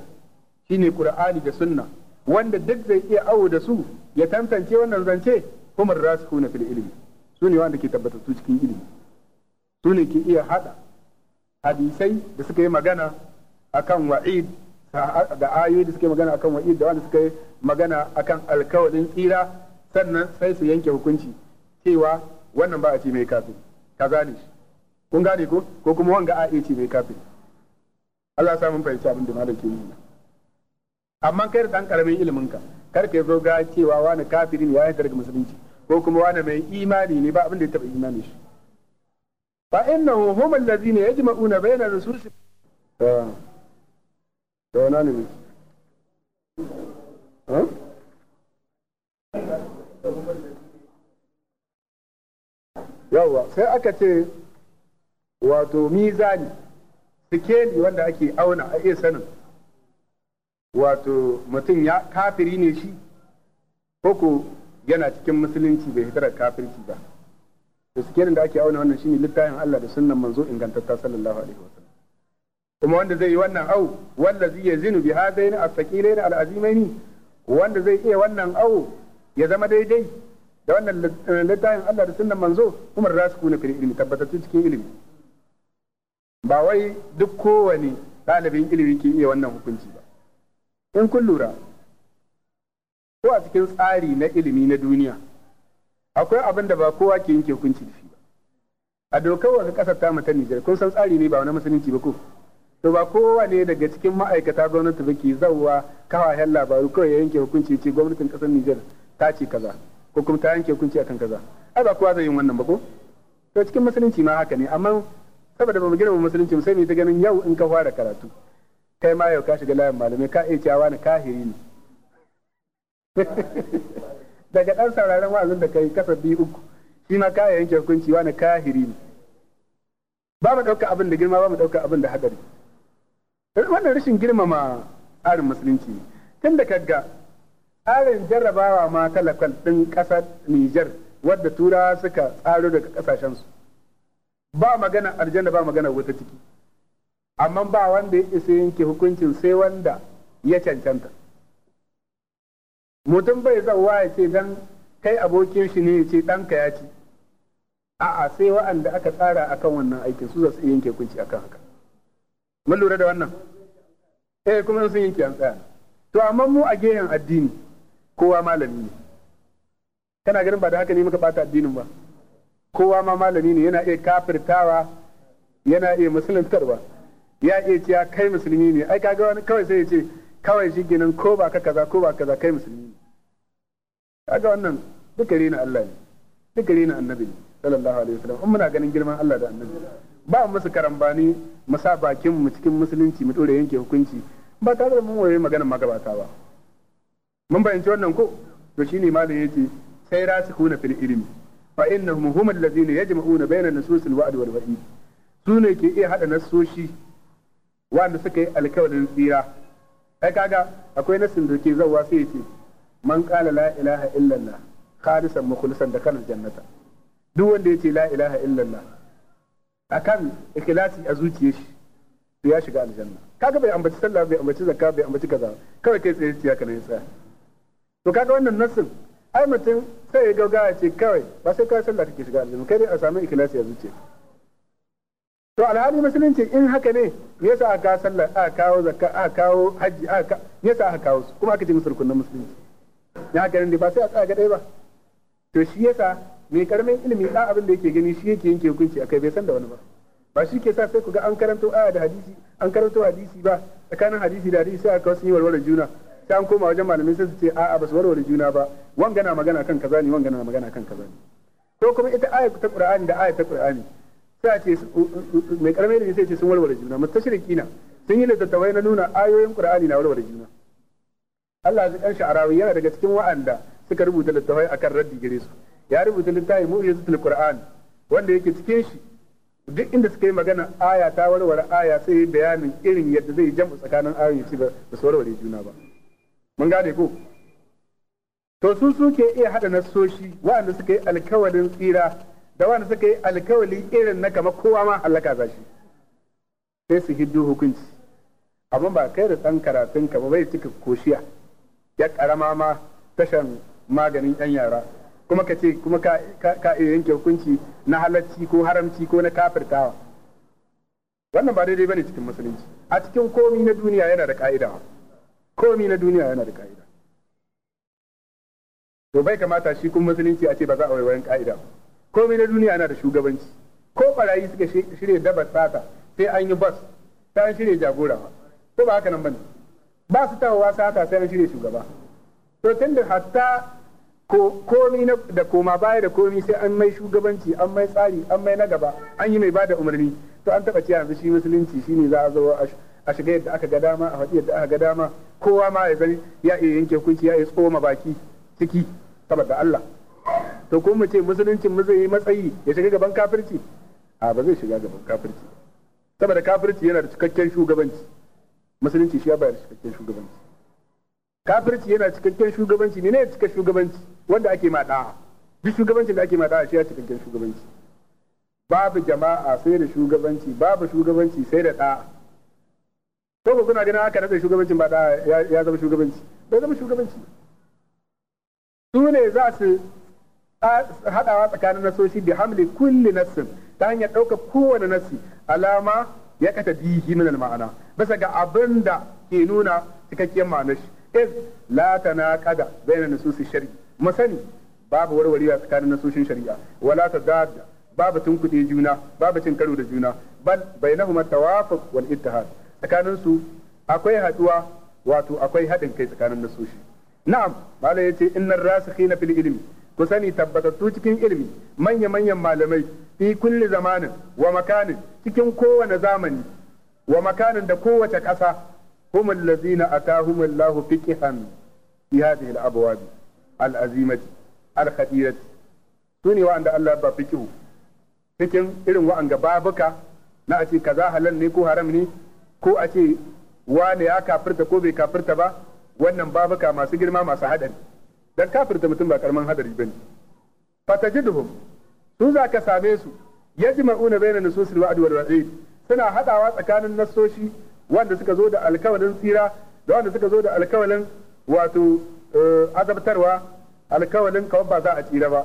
shine Qur'ani da Sunna wanda duk zai iya awo da su ya tantance wannan zance rasu na fil ilimi su ne wanda ke tabbatattu cikin ilimi su ne ke iya hada hadisai da suka yi magana akan wa'id da ayoyi da suka yi magana akan wa'id da wanda suka yi magana akan alkawalin tsira sannan sai su yanke hukunci cewa wannan ba a ce mai kafin kaza ne shi kun gane ko ko kuma wanga a ce mai kafin Allah samun fahimci abin da malam ke yi amma kai da dan karamin ilimin ka kar ka zo ga cewa wani kafiri ne ya yarda daga musulunci ko kuma wani mai imani ne ba abin da ya taba imani shi fa innahu hum allazina yajma'una bayna rususi to to na ne ha yawa sai aka ce wato mizani sikeli wanda ake auna a iya sanin wato mutum ya kafiri ne shi ko yana cikin musulunci bai hitar kafirci ba da sikelin da ake auna wannan shine littafin Allah da sunnan manzo ingantatta sallallahu alaihi wasallam kuma wanda zai yi wannan au wanda zai yazinu bi hadaini as-saqilaini al-azimaini wanda zai iya wannan au ya zama daidai da wannan littafin Allah da sunnan manzo kuma rasikuna fil ilmi tabbatatu cikin ilimi ba wai duk kowane ɗalibin ilimi ke iya wannan hukunci ba in kun lura ko a cikin tsari na ilimi na duniya akwai abin da ba kowa ke yanke hukunci da shi ba a dokar wasu ƙasar ta ta Nijar kun san tsari ne ba wani musulunci ba ko to ba kowa ne daga cikin ma'aikata gwamnati ba ke zauwa kawayen labaru kawai ya yanke hukunci ce gwamnatin ƙasar Nijar ta ce kaza ko kuma ta yanke hukunci akan kaza ai ba kowa zai yi wannan ba ko to cikin musulunci ma haka ne amma saboda ba mu girma musulunci sai mu ta ganin yau in ka fara karatu kai ma yau ka shiga layin malamai ka iya cewa ni kahiri ne daga dan sauraron wa'azin da kai kasa biyu uku shi ma kaya yanke hukunci wani kahiri ne ba mu ɗauka abin da girma ba mu ɗauka abin da hadari wannan rashin girmama tsarin musulunci ne tun da kagga tsarin jarrabawa ma talakal ɗin kasar Nijar wadda turawa suka tsaro daga ƙasashensu ba magana aljanna ba magana wata ciki amma ba wanda ya isa yanke hukuncin sai wanda ya cancanta mutum bai zauwa ya ce dan kai abokin shi ne ya ce ɗanka ya ci a'a sai wa'anda aka tsara akan wannan aikin su za su yanke hukunci akan haka mun lura da wannan eh kuma sun yanke an tsaya to amma mu a gefen addini kowa malami ne kana ganin ba da haka ne muka bata addinin ba kowa ma malami ne yana iya kafirtawa yana iya musuluntarwa ya iya cewa kai musulmi ne ai kaga wani kawai sai ya ce kawai shi ginin ko ba ka kaza ko ba kaza kai musulmi ne kaga wannan duka rena Allah ne duka rena annabi sallallahu alaihi wasallam in muna ganin girman Allah da annabi ba mu musu karambani mu sa bakin mu cikin musulunci mu dore yanke hukunci ba tare da mun waye maganar magabata ba mun bayanci wannan ko to shine malam yace sai rasikuna fil ilmi fa innahum hum allazina ya bayna nusus al-wa'd wal wa'id su ne ke iya hada nasoshi wanda suka yi alkawarin tsira ai kaga akwai nasin da ke zawa sai ya ce man qala la ilaha illallah khalisan mukhlisan da kana jannata duk wanda ya ce a zuciyar shi to ya shiga aljanna kaga bai ambaci sallah bai ambaci zakka bai ambaci kaza kawai kai tsaye ya kana ya tsaya to kaga wannan nasin ai mutum sai ya gaugaya ce kawai ba sai ka sallah kake shiga aljanna kai dai a samu ikhlasi yanzu ce to alhali musulunci in haka ne me yasa aka sallah aka kawo zakka aka kawo haji aka me yasa aka kawo su kuma aka ce musulkun na musulunci ya haka ne ba sai a tsaya ga dai ba to shi yasa mai karamin ilimi da abin da yake gani shi yake yanke hukunci akai bai san da wani ba ba shi ke sa sai ku ga an karanto aya da hadisi an karanto hadisi ba tsakanin hadisi da hadisi sai aka wasu yi warware juna ta koma wajen malamin sai su ce a'a ba su warware juna ba wanga na magana kan kaza ne wanga na magana kan kaza ne to kuma ita aya ta qur'ani da aya ta qur'ani sai a ce mai karamin da sai ce sun warware juna na sun yi littattafai na nuna ayoyin qur'ani na warware juna Allah ya kanshi arawi yana daga cikin wa'anda suka rubuta littattafai akan raddi gare su ya rubuta littafi mu'jizatul qur'an wanda yake cikin shi duk inda suka yi magana aya ta warware aya sai bayanin irin yadda zai jam'u tsakanin ayoyin ci ba su warware juna ba mun gane ko to su suke iya hada nasoshi wa'anda suka yi alkawalin tsira da wa'anda suka yi alkawalin irin na kama kowa ma halaka za shi sai su hiddu hukunci amma ba kai da ɗan karatun ka bai cika koshiya ya karama ma tashan maganin yan yara kuma ka ce kuma ka iya yanke hukunci na halacci ko haramci ko na kafirtawa wannan ba daidai bane cikin musulunci a cikin komi na duniya yana da ka'ida komi na duniya yana da ka'ida to bai kamata shi kuma musulunci a ce ba za a waiwayin ka'ida ba komi na duniya yana da shugabanci ko barayi suka shirya daba sata sai an yi bas ta an shirya jagora ba ko ba haka nan bane ba su ta wa sata sai an shirya shugaba to tunda hatta ko komi da koma baya da komi sai an mai shugabanci an mai tsari an mai na gaba an yi mai bada umarni to an taba ce yanzu shi musulunci ne za a zo a a shiga yadda aka ga dama a faɗi yadda aka ga dama kowa ma ya gani ya iya yanke hukunci ya iya tsoma baki ciki saboda Allah to ko mu ce musuluncin mu zai yi matsayi ya shiga gaban kafirci a ba zai shiga gaban kafirci saboda kafirci yana da cikakken shugabanci musulunci shi ya bayar cikakken shugabanci kafirci yana cikakken shugabanci ne ne cikakken shugabanci wanda ake ma da duk shugabancin da ake ma da shi ya cikakken shugabanci babu jama'a sai da shugabanci babu shugabanci sai da da'a ko ba kuna ganin aka rasa shugabancin ba ya zama shugabanci bai zama shugabanci su ne za su haɗawa tsakanin nasoshi da hamli kulli nassin ta hanyar ɗaukar kowane nassi alama ya kata bihi min ma'ana bisa ga abin da ke nuna cikakken ma'anar shi iz la tanaqada bayna nususi shar'i mu sani babu warwarewa tsakanin nasoshin shari'a wala tadadda babu tunkuɗe juna babu cin karo da juna bal bainahuma tawafaq wal ittihad tsakanin su akwai haduwa wato akwai haɗin kai tsakanin nasoshi na'am malai yace innar rasikhina fil ilmi ku sani tabbatattu cikin ilimi manya manyan malamai fi kulli zamanin wa makanin cikin kowane zamani wa makanin da kowace ƙasa abwab al azimati al فقها tuni wa anda allah ba fiqhu cikin irin بفقه فقه إرم وعند بابك kaza halal ne ko haram ne ko a ce wane ya kafirta ko bai kafirta ba wannan babuka masu girma masu haɗari dan kafirta mutum ba karaman haɗari bane fatajiduhum su za ka same su yajma'una bayna su wa'd wal wa'id suna haɗawa tsakanin nasoshi wanda suka zo da alkawalin tsira da wanda suka zo da alkawalin wato eh, azabtarwa alkawalin kawai ba za a tsira ba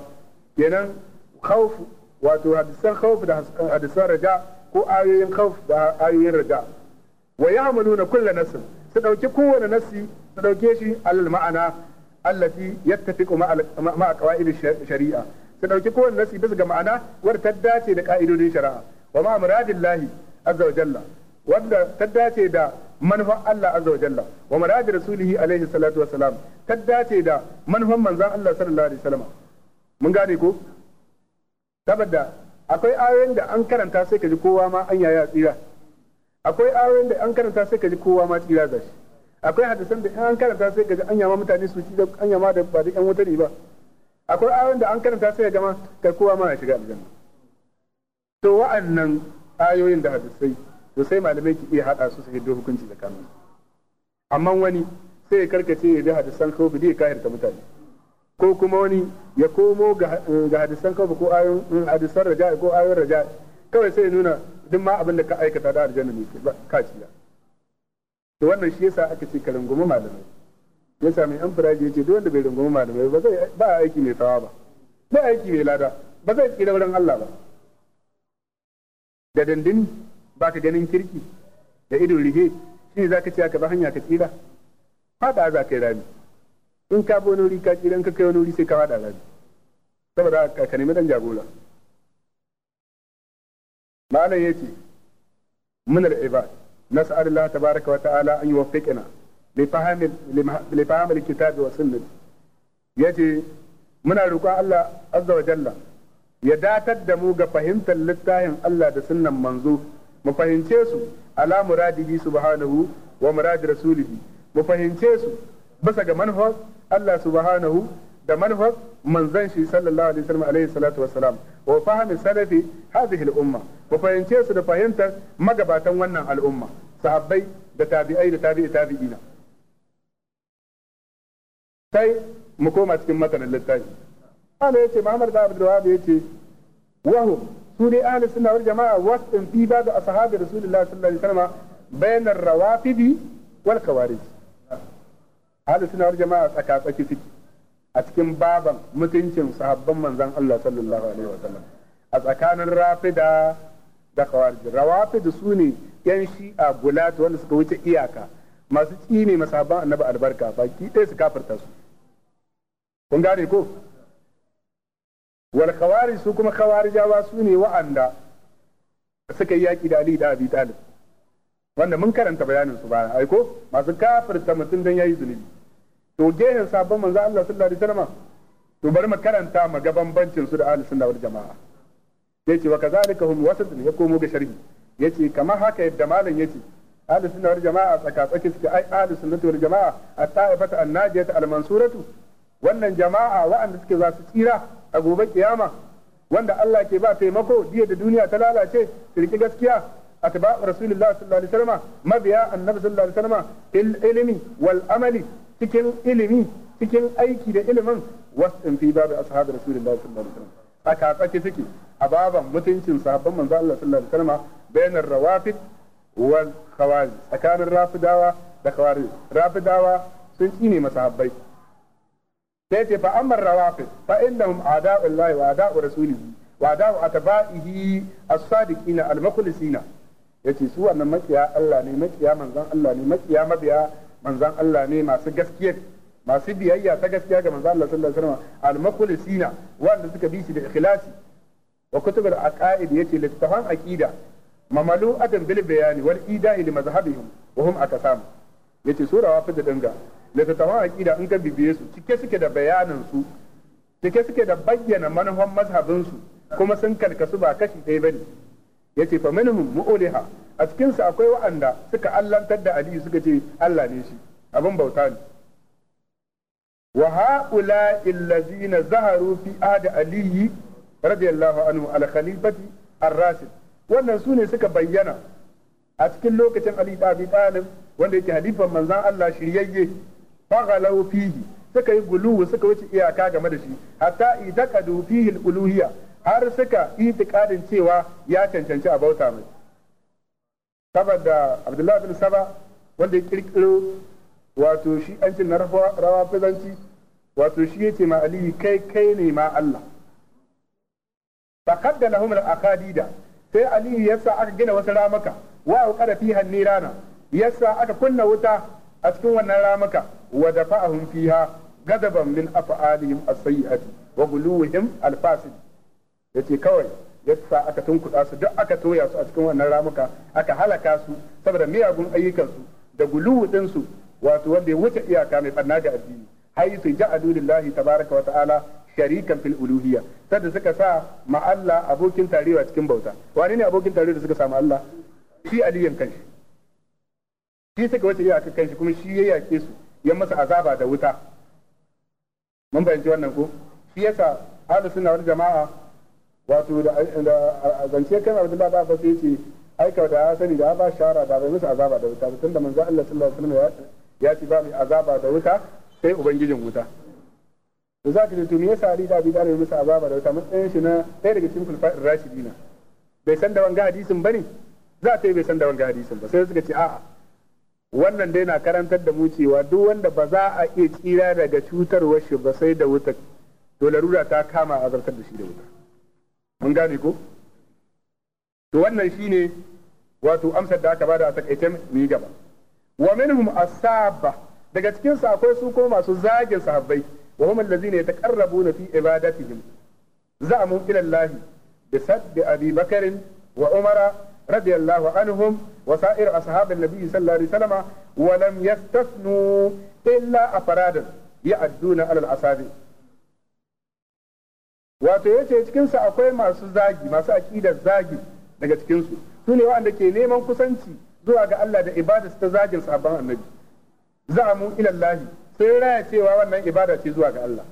kenan khawfu wato hadisan khawfu da hadisan raja ko ayoyin khawfu da ayoyin raja wa ya'maluna kulla nasin su dauki kowane nasi su dauke shi alal ma'ana allati yattafiqu ma'a qawaid shari'a su dauki kowane nasi bisa ga ma'ana wadda ta dace da ka'idodin shari'a wanda ta dace da manufan Allah azza wa jalla wa muradi rasulihi alaihi salatu salam ta dace da manufan manzon Allah sallallahu alaihi wasallam mun gane ko saboda akwai ayoyin da an karanta sai ka ji kowa ma an yaya tsira akwai ayoyin da an karanta sai ka ji kowa ma tsira ga shi akwai hadisan da an karanta sai ka ji an yama mutane su ci an yama da ba da yan wuta ne ba akwai ayoyin da an karanta sai ka gama ka kowa ma ya shiga aljanna to wa'annan ayoyin da hadisai to sai malamai ki iya hada su su yi hukunci kanu amma wani sai ya karkace ya bi hadisan kawai da ya kahirta mutane ko kuma wani ya komo ga eh, hadisan kawai ko ayoyin eh, hadisan raja'i ko ayoyin raja'i kawai sai ya nuna duk ma abin da ka aikata da aljanna ne ka ciya to wannan shi yasa aka ce ka rungumi malamai yasa mai an firaji ya ce duk wanda bai rungumi malamai ba zai ba aiki mai tsawa ba ba aiki mai lada ba zai tsira wurin Allah ba da dandini ba ka ganin kirki da ido rihe shi za ka ce aka ba hanya ka tsira fada za ka yi rami in ka bi wani ka tsira in ka kai wani wuri sai ka fada rami saboda ka nemi dan jagora malam yace min al-ibad tabaaraka wa ta'ala an yuwaffiqna li fahmi li fahmi al wa sunnah yace muna roƙon Allah azza wa jalla ya datar da mu ga fahimtar littafin Allah da sunnan manzo mu fahimce su ala muradihi subhanahu wa murad rasulihi mu fahimce su bisa ga manhaj Allah subhanahu da manufar manzon shi sallallahu alaihi wasallam alaihi salatu wassalam wa fahimi salafi hadhihi al-umma mu fahimce su da fahimtar magabatan wannan al'umma sahabbai da tabi'ai da tabi'i tabi'ina sai mu koma cikin matanin littafi Allah yace Muhammad da Abdul Wahab yace wahum su dai ahli sunna wal jama'a wasdin fi ba da ashabi rasulullahi sallallahu alaihi wasallam bainar rawafidi wal khawarij ahli sunna wal jama'a tsaka tsaki suke a cikin baban mutuncin sahabban manzan Allah sallallahu alaihi wasallam a tsakanin rafida da khawarij rawafid su ne yan shi'a gulat wanda suka wuce iyaka masu tsine masahaban annabi albarka baki ɗaya su kafirta su kun gane ko wal khawarij su kuma khawarijawa su ne wa'anda suka yi yaki da Ali da Abi Talib wanda mun karanta bayanin su baya aiko masu kafirta mutum dan yayi zunubi to gehen sabon manzo Allah sallallahu alaihi wasallam to bari mu karanta mu ga bambancin su da ahli sunna wal jamaa ce wa kazalika hum wasatun ya komo ga sharhi yace kamar haka yadda malam yace ahli sunna wal jamaa tsaka tsaki suke ai ahli sunna wal jamaa at-ta'ifatu an-najiyatu al-mansuratu wannan jama'a wa'anda suke za su tsira a gobe kiyama wanda Allah ke ba taimako diya da duniya ta lalace su gaskiya atba'u rasulullahi sallallahu alaihi wasallam mabiya annabi sallallahu alaihi wasallam ilmi wal amali cikin ilimi cikin aiki da ilimin wasu fi babu ashabi rasulullahi sallallahu alaihi wasallam a katsaki suke a baban mutuncin sahabban manzo Allah sallallahu alaihi wasallam bainar rawafid wal khawarij tsakanin rafidawa da khawarij rafidawa sun kine masahabbai sai ce fa amman rawafid fa innahum llahi wa ada'u rasulihi wa ada'u atba'ihi as-sadiqina al-mukhlisina yace su wannan makiya Allah ne makiya manzon Allah ne makiya mabiya manzan Allah ne masu gaskiya masu biyayya ta gaskiya ga manzan Allah sallallahu alaihi wasallam al-mukhlisina wanda suka bi shi da ikhlasi wa kutubul aqaid yace littafan aqida mamalu adam bil bayani wal ida'i li mazhabihim wa hum akasamu yace surawa fa da danga littafan aqida in ka bibiye su cike suke da bayanin su cike suke da bayyana manufan mazhabin su kuma sun karkasu ba kashi ɗaya bane Ya ce fa minhum mu'liha a cikin su akwai wa'anda suka allantar da aliyu suka ce Allah ne shi abin bauta ne wa haula illazina zaharu fi ahd aliyi radiyallahu anhu al khalifati ar wannan su ne suka bayyana a cikin lokacin ali da abi talib wanda yake halifan manzon Allah shiryayye faghalau fihi suka yi guluwu suka wuce iyaka game da shi hatta idaqadu fihi al uluhiyya har suka yi cewa ya cancanci a bauta mai saboda Abdullahi bin Saba wanda ya kirkiro wato shi an cin rawa fizanci wato shi yace ma Aliyu kai kai ne ma Allah faqadda lahum al akadida sai Aliyu yasa aka gina wasu ramuka wa qada rana ya yasa aka kunna wuta a cikin wannan ramuka wa dafa'ahum fiha gadaban min af'alihim as-sayyi'ati wa guluhum al-fasid ya ce kawai ya sa aka tunkuɗa su duk aka toya su a cikin wannan ramuka aka halaka su saboda miyagun ayyukansu da guluwu ɗinsu wato wanda ya wuce iyaka mai ɓanna ga addini ja ja'alu lillahi tabaraka wa ta'ala sharikan fil uluhiyya sadda suka sa ma'alla abokin tarewa cikin bauta wani ne abokin tarewa da suka sa ma'alla Allah shi aliyan kanshi shi suka wuce iyaka kanshi kuma shi ya yaƙe su ya masa azaba da wuta mun bayanci wannan ko shi yasa hali suna wani jama'a wato da zance kan abdullahi da sai ce aika da ya sani da ba shara da bai musu azaba da wuta tun da manzo Allah sallallahu alaihi wasallam ya ce ba mai azaba da wuta sai ubangijin wuta to zaka ji to me yasa Ali da bi da musu azaba da wuta matsayin shi na ɗaya daga cikin kulfa'ir rashidina bai san da wanga hadisin bane za ta yi bai san da wanga hadisin ba sai suka ce a'a wannan dai na karantar da mu cewa duk wanda ba za a iya tsira daga cutarwar shi ba sai da wuta to larura ta kama azartar da shi da wuta mun gane ko to wannan shine wato amsar da aka bada a takaice mu yi gaba wa minhum asaba daga cikin su akwai su ko masu zagin sahabbai wa hum allazina yataqarrabuna fi ibadatihim za'amu ila Allah bi sadd Abi Bakr wa Umar radiyallahu anhum wa sa'ir ashab an-nabi sallallahu alaihi wasallam wa lam yastasnu illa afradan ya'duna ala al-asabi wato yace cikin su akwai masu zagi masu aƙidar zagi daga cikinsu su ne wanda ke neman kusanci zuwa ga Allah da ibada ta zagin sabon annabi za'amu ila Allah sai raya cewa wannan ibada ce zuwa ga Allah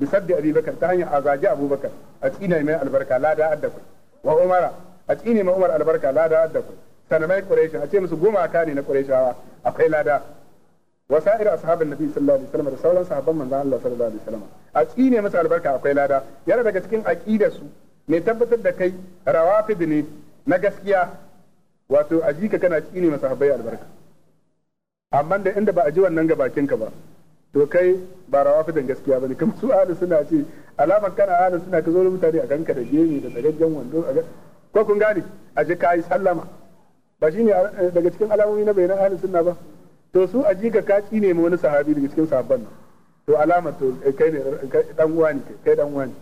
bisaddi abubakar ta hanyar azaji abubakar a tsine mai albarka lada adda kai wa umara a tsine mai umar albarka lada adda kai sanamai quraish a ce musu gumaka ne na quraishawa akwai lada wa sa'ir ashabin nabi sallallahu alaihi wasallam da sauran sahabban manzon Allah sallallahu alaihi wasallam a tsine masa albarka akwai lada yana daga cikin aqidar su ne tabbatar da kai rawafid ne na gaskiya wato a jika kana tsine masa sahabbai albarka amma da inda ba a ji wannan ga bakin ka ba to kai ba rawafidin gaskiya bane kuma su ahlus suna ce alamar kana ahlus suna ka zo da mutane a ganka da gemi da tsagaggen wando a ko kun gane a ji kai sallama ba shine eh, daga cikin alamomi na bayanan ahlus sunna ba to su a jika ka ne ma wani sahabi daga cikin sahabban nan to alama to eh, kai ne eh, dan uwa ne kai dan uwa ne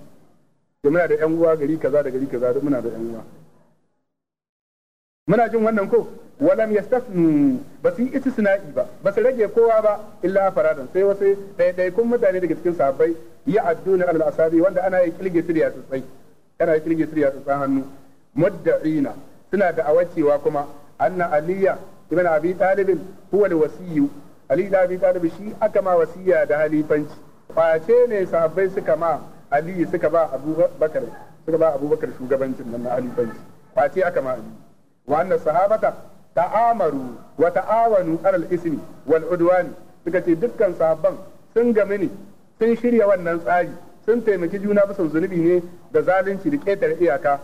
to muna da yan uwa gari kaza da gari kaza duk muna da yan uwa muna jin wannan ko walam yastasnu ba su yi istisna'i ba ba su rage kowa ba illa faradan sai wasu ɗaiɗaikun mutane daga cikin sahabbai ya adduna al asabi wanda ana yi kilge su da yatsutsai ana yi kilge su da hannu mudda'ina suna da awacewa kuma anna aliya ibn abi talib huwa al-wasiy ali da abi talib shi aka ma wasiya da halifanci face ne sahabbai suka ma ali suka ba abubakar suka ba abubakar shugabancin nan na halifanci face aka ma ali wa anna sahabata ta'amaru wa ta'awanu alal ismi wal udwani suka ce dukkan sahabban sun gami ne sun shirya wannan tsari sun taimaki juna bisa zunubi ne da zalunci da ƙetare iyaka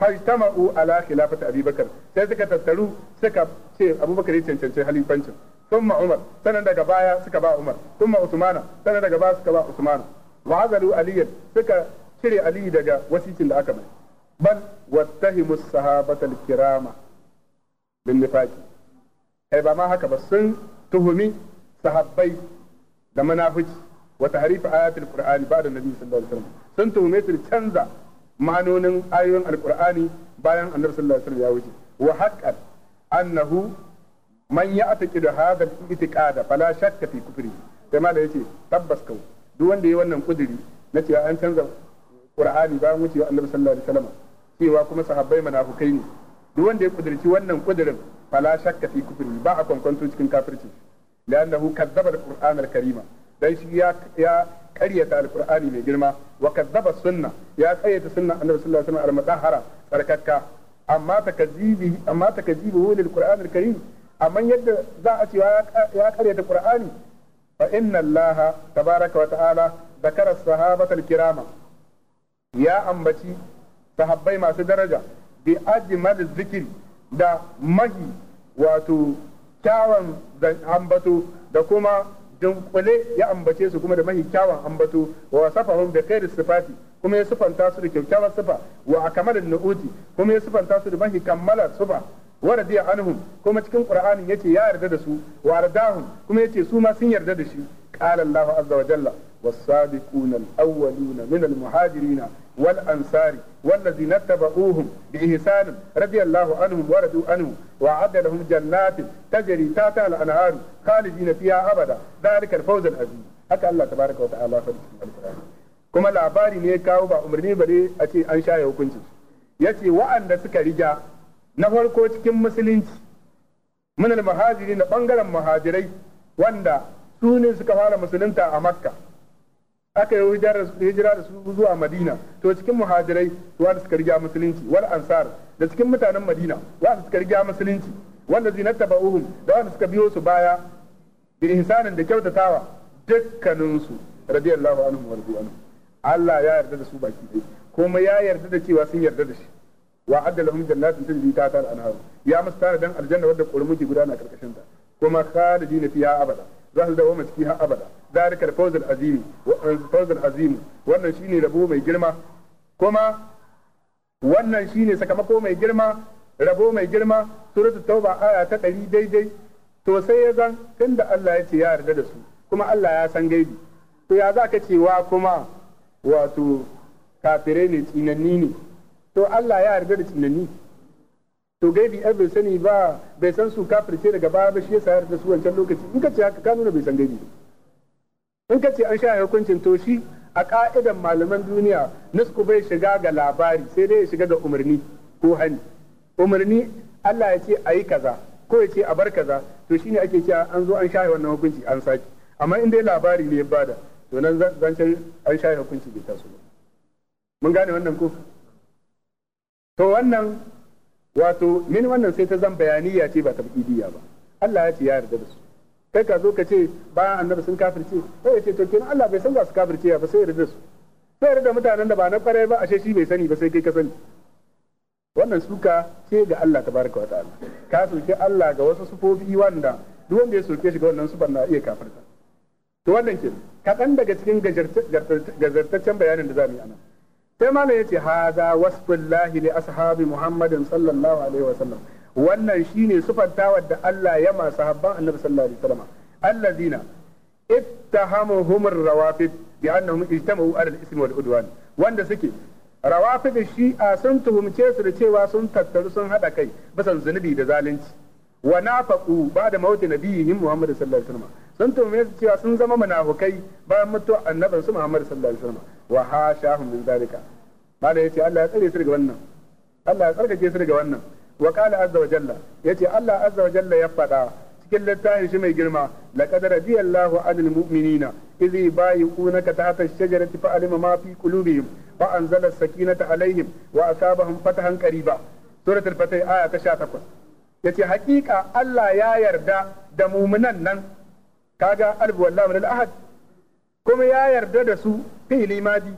fajtama'u ala khilafati Abi Bakar sai suka tattaru suka ce Abubakar ya cancanci halifancin thumma Umar sanan daga baya suka ba Umar thumma Usmana sanan daga baya suka ba Usmana wa azalu aliyan suka cire Ali daga wasicin da aka mai bal wattahimu sahabata al-kirama bin nifaqi ai eh, ba ma haka ba sun tuhumi sahabbai da munafici wa tahrifa ayatul qur'ani ba da nabi sallallahu alaihi wasallam sun tuhume su canza ma'anonin ayoyin alkur'ani bayan annabi sallallahu alaihi wasallam ya wuce wa haqqan annahu man ya'taqidu hadha al-i'tiqada fala shakka fi kufri sai malai yace tabbas kau duk wanda yayi wannan kudiri na cewa an canza qur'ani bayan wucewa annabi sallallahu alaihi wasallam cewa kuma sahabbai munafukai ne duk wanda ya kudirci wannan kudirin fala shakka fi kufri ba a kwankwanto cikin kafirci la'annahu kadzaba al-qur'an al-karima dan shi ya ya ƙaryata al-qur'ani mai girma wa sunna ya kayyata sunna annabi sallallahu alaihi wasallam al-mutahhara tsarkakka amma takazibi amma takazibi lil qur'an al amma yadda za a ce ya karyata qur'ani fa inna allaha tabaraka wa ta'ala ذكر الصحابة الكرام يا أمبتي صحابي ما درجة بأجمل الذكر دا مهي واتو كاوان دا أمبتو دا كما dunkule ya ambace su kuma da mahi kyawun ambato wa safahum da khairi sifati kuma ya sifanta su da kyakkyawar sifa wa akamalin nu'uti kuma ya sifanta su da mahi kammala sifa wa radiya anhum kuma cikin qur'anin yace ya yarda da su wa radahum kuma yace su ma sun yarda da shi qala allah azza wa jalla was sabiquna al awwaluna min al muhajirin wal ansari والذين اتبعوهم بإحسان رضي الله عنهم ورضوا عنه وأعد لهم جنات تجري تحتها الأنهار خالدين فيها أبدا ذلك الفوز العظيم haka Allah tabaraka wa ta'ala fa alqur'ani kuma labari ne kawo ba umarni bare a ce an shaye hukunci yace wa'anda suka rija na farko cikin musulunci min al na ɓangaren muhajirai wanda su suka fara musulunta a makka aka yi hijira da su zuwa madina to cikin muhajirai wanda suka riga musulunci wal ansar da cikin mutanen madina wanda suka riga musulunci wanda zinatta ba'uhum da wanda suka biyo su baya da ihsanin da kyautatawa dukkaninsu radiyallahu anhu wa anhu Allah ya yarda da su baki dai kuma ya yarda da cewa sun yarda da shi wa adda lahum jannatin tajri ta ta anharu ya musu tare dan aljanna wadda kurmuki gudana karkashin ta kuma khalidina fiha abada za su dawo ciki har abada zalika al-fawz al-azim wa al-fawz eh, al-azim wannan shine rabo mai girma kuma wannan shine sakamako mai girma rabo mai girma suratul tauba aya ta 100 daidai to sai ya zan tunda Allah ya ce ya yarda da su kuma Allah ya san gaibi to ya za ka cewa kuma wato kafirai ne tsinanni ne to Allah ya yarda da tsinanni to gaibi ɗan bai sani ba bai san su kafirce daga baya ba shi yasa da su wancan lokaci in ka ce haka ka nuna bai san gaibi in ka ce an sha hukuncin to shi a ka'idan malaman duniya nusku bai shiga ga labari sai dai ya shiga ga umarni ko hani umarni Allah ya ce a yi kaza ko ya ce a bar kaza to shine ake cewa an zo an sha wannan hukunci an saki amma in dai labari ne ya bada to nan zancen an sha hukunci bai taso ba mun gane wannan ko to wannan wato min wannan sai ta zan bayaniya ce ba tabkidiyya ba Allah ya ce ya yarda da su kai ka zo ka ce bayan annabi sun kafirce sai ya ce to kenan Allah bai san za su kafirce ba sai ya yarda su sai yarda mutanen da ba na kware ba ashe shi bai sani ba sai kai ka sani wannan suka ce ga Allah tabaraka wa ta'ala ka soke Allah ga wasu sufofi wanda duk wanda ya soke shi ga wannan sufan na iya kafirta to wannan kenan kaɗan daga cikin gazartaccen bayanin da za mu yi anan sai ya ce haza wasfullahi li ashabi muhammadin sallallahu alaihi wasallam wannan shine sufantawar da Allah ya masu sahabban annabi sallallahu alaihi wasallam allazina ittahamuhum ar-rawafid bi annahum ijtama'u ala al-ism wal udwan wanda suke rawafid shi'a sun tuhumce su da cewa sun tattaru sun hada kai bisan zunubi da zalunci wa nafaqu ba'da mauti nabiyihim muhammad sallallahu alaihi wasallam sun tume su cewa sun zama munafukai bayan mutuwa annabin su Muhammad sallallahu alaihi wasallam wa hashahum min zalika malai yace Allah ya tsare su daga wannan Allah ya tsarkake su daga wannan wa qala azza wa jalla yace Allah azza wa jalla ya faɗa cikin littafin shi mai girma laqad radiyallahu anil mu'minina idh yubayyi'unaka tahta ash-shajarati fa alima ma fi qulubihim fa anzala as-sakinata alaihim wa asabahum fatahan qariba suratul fatih aya ta 18 yace haƙiƙa Allah ya yarda da mu'minan nan kaga albu wallahu lil ahad kuma ya yarda da su fili madi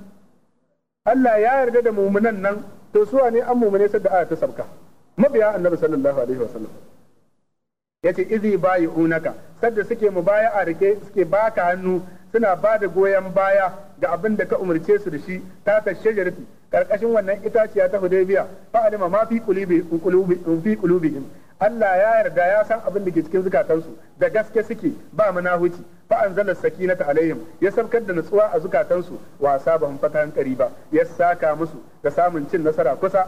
Allah ya yarda da mu'minan nan to suwa ne an mu'mine sai da aya ta sabka mabiya annabi sallallahu alaihi wasallam yace izi bayi'unaka sadda suke a rike suke baka hannu suna ba da goyon baya ga abin da ka umarce su da shi ta ta shajarati karkashin wannan itaciya ta hudaybiya fa alima ma fi qulubi qulubi fi qulubihim Allah ya yarda ya san abin da ke cikin zukatansu da gaske suke ba munahuci fa anzala sakinata alaihim ya sabkar da nutsuwa a zukatansu wa asabahum fatahan qariba ya saka musu da samun cin nasara kusa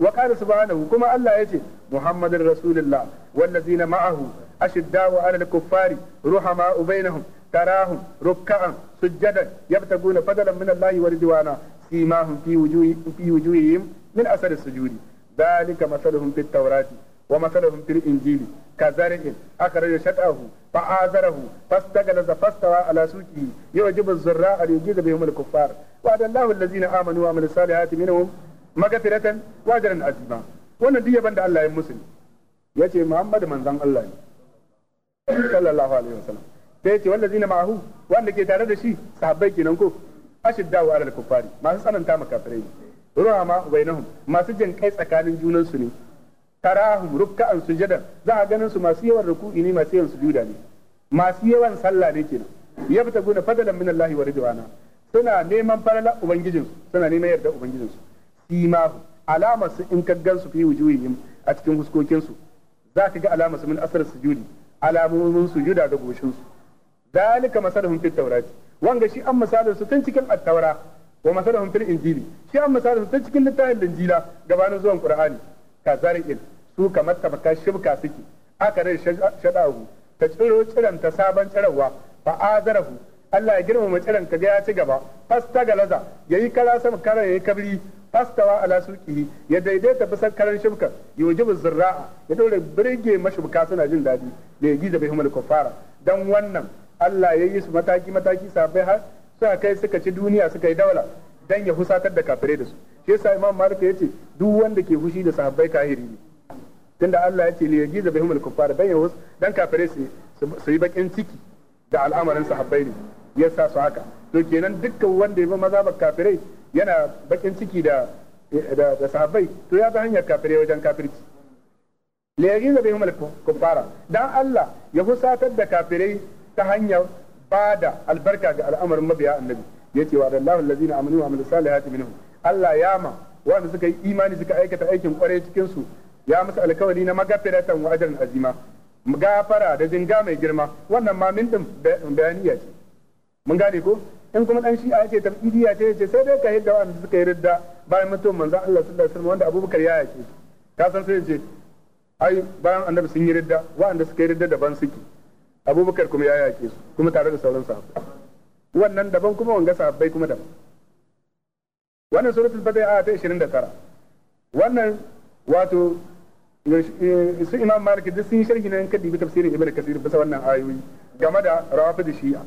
wa qala subhanahu kuma Allah yace muhammadin rasulullah wallazina ma'ahu ashiddau 'ala al-kuffari ruhama'u bainahum تراهم ركعا سجدا يبتغون فضلا من الله ورضوانا سيماهم في وجوه في وجوههم من اثر السجود ذلك مثلهم في التوراة wa masalahum fil injili كزرع أخرج شطأه فآزره فاستغلظ فاستوى على سوقه يعجب الزراع ليجيز بهم الكفار وعد الله الذين آمنوا وعملوا الصالحات منهم مغفرة وأجرا عظيما wannan duk yaban da Allah ya musu ya ce Muhammad manzon Allah ne sallallahu alaihi wasallam sai ya ce wallazina ma'ahu wanda ke tare da shi sahabbai kenan ko ashiddawu alal kuffari masu tsananta makafirai ma bainahum masu jin kai tsakanin junan su ne tarahum ruk'an sujadan za a ganin su masu yawan ruku'i ne masu yawan sujuda ne masu yawan sallah ne kenan yabtaguna fadalan min Allah wa ridwana suna neman farala ubangijinsu suna neman yarda ubangijinsu simahu alamar su in kaggan su fi wujuhihim a cikin huskokinsu za ka ga alamar su min asar sujudi alamomin sujuda da goshin su zalika masalahum fit tawrati wanga shi an misalin su tun cikin at-taura wa masalahum fil injili shi an misalin su tun cikin littafin injila gabanin zuwan qur'ani ka zarin su kamar tamkar shibka suke aka rai shaɗahu ta tsiro tsiran ta sabon tsirawa fa azarahu Allah ya girmama tsiran ka ga ya ci gaba fasta galaza yayi kala sama kara yayi kabri fastawa ala suqihi ya daidaita bisan karan shibka yujibu zirra'a ya dole birge mashibka suna jin dadi da ya da bihumul kuffara dan wannan Allah ya yi su mataki mataki sabai har suka kai suka ci duniya suka yi daula dan ya husatar da kafirai da su shi yasa imam malik ya ce duk wanda ke fushi da sahabbai kahiri ne tunda Allah ya ce li yajiza bihim al-kuffar bayyahus dan kafare su su yi bakin ciki da al'amarin sahabbai ne ya sa su haka to kenan dukkan wanda ya bi mazhabar kafirai yana bakin ciki da da sahabbai to ya bi hanyar kafirai wajen kafirci li yajiza bihim al-kuffara dan Allah ya husatar da kafirai ta hanyar ba da albarka ga al'amarin mabiya annabi Ya ce wa Allahu allazina amanu wa amilus salihati minhum Allah yama wanda suka yi imani suka aikata aikin kwarai cikin su ya musu alkawari na magafira wa wajen azima gafara da zinga mai girma wannan ma min din bayaniya ce mun gane ko in kuma dan a ce tafidiya ce ce sai dai ka yi da wanda suka yi ridda bayan mutum manzon Allah sallallahu alaihi wasallam wanda Abubakar ya yake. ka san sai ce ai bayan annabi sun yi ridda wanda suka yi ridda daban suke Abubakar kuma ya yake su kuma tare da sauran sahabbai wannan daban kuma wanga sahabbai kuma daban wannan suratul fatiha ta 29 wannan wato Eh, su imam malik duk sun sharhi nan kadi bi tafsirin ibnu kasir bisa wannan ayoyi game da rafid shi'a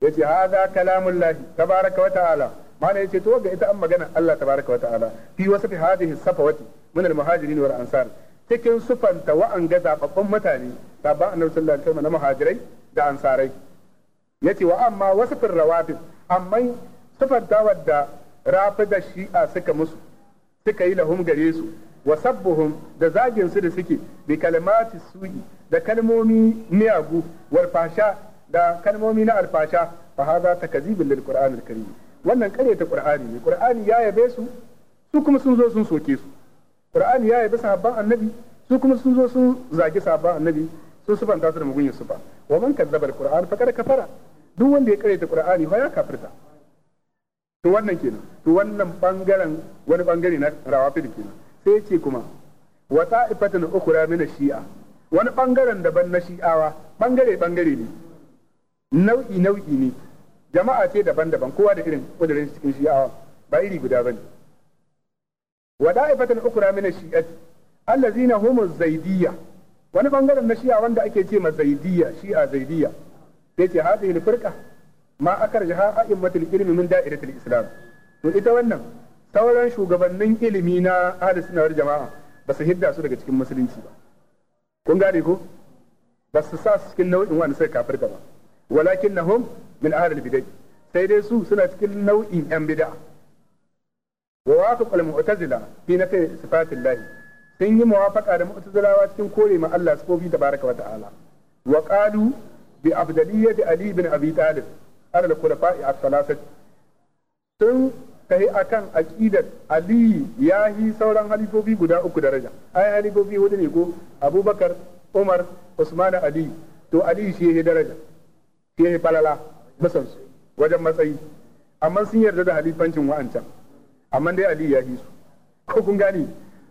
yace hadha kalamullah tabaraka wa ta'ala mana yace to ga ita an magana Allah tabaraka wa ta'ala fi wasfi hadhihi safawati min al-muhajirin wal ansar cikin sufanta wa an ga zababban mutane sabban annabi sallallahu alaihi wasallam na muhajirai da ansarai yace wa amma wasfin rawafid amma sufanta wadda rafida shi'a suka musu suka yi lahum gare su wa sabbuhum da zagin su da suke bi kalimati su'i da kalmomi miyagu wal fasha da kalmomi na alfasha fa hadha takzibun lil qur'an al karim wannan kare ta qur'ani ne qur'ani ya yabe su su kuma sun zo sun soke su qur'ani ya yabe sahabban annabi su kuma sun zo sun zagi sahabban annabi sun sufanta su da mugunyar su ba wa man kazzaba al qur'an faqad kafara duk wanda ya kare ta qur'ani fa ya kafirta to wannan kenan to wannan bangaren wani bangare na rawafid kenan sai ce kuma wa na ukura mina shia wani bangaren daban na shi'awa bangare bangare ne nau'i nau'i ne jama'a ce daban-daban kowa da irin kudirin cikin shi'awa ba iri guda bane na ukura ukhra shi'a shi'at allazina hum zaidiyya wani bangaren na shi'a wanda ake ce ma zaidiyya shi'a Zaidiya sai ce hadhihi al-firqa ma akarjaha a'immatul ilmi min da'iratul islam to ita wannan sauran shugabannin ilimi na ahli jama'a ba su hidda su daga cikin musulunci ba kun gane ko ba su sa su cikin nau'in wanda suka kafirta ba walakin nahum min ahli bid'ah sai dai su suna cikin nau'in yan bid'a wa wafaqa al mu'tazila fi nafi sifatillah sun yi muwafaqa da mu'tazilawa cikin kore ma Allah sifofi ta wa ta'ala wa qalu bi abdaliyyati ali bin abi talib ala al khulafa'i as-salasati sun a akan aƙidar Aliyu ya yi sauran halifofi guda uku daraja ai halifofi hudu ne ko Abubakar Umar Usman Ali to Aliyu shi yi daraja shi yi falala masansu wajen matsayi amma sun yarda da halifancin wa'ancan amma dai Aliyu ya yi su ko kun gani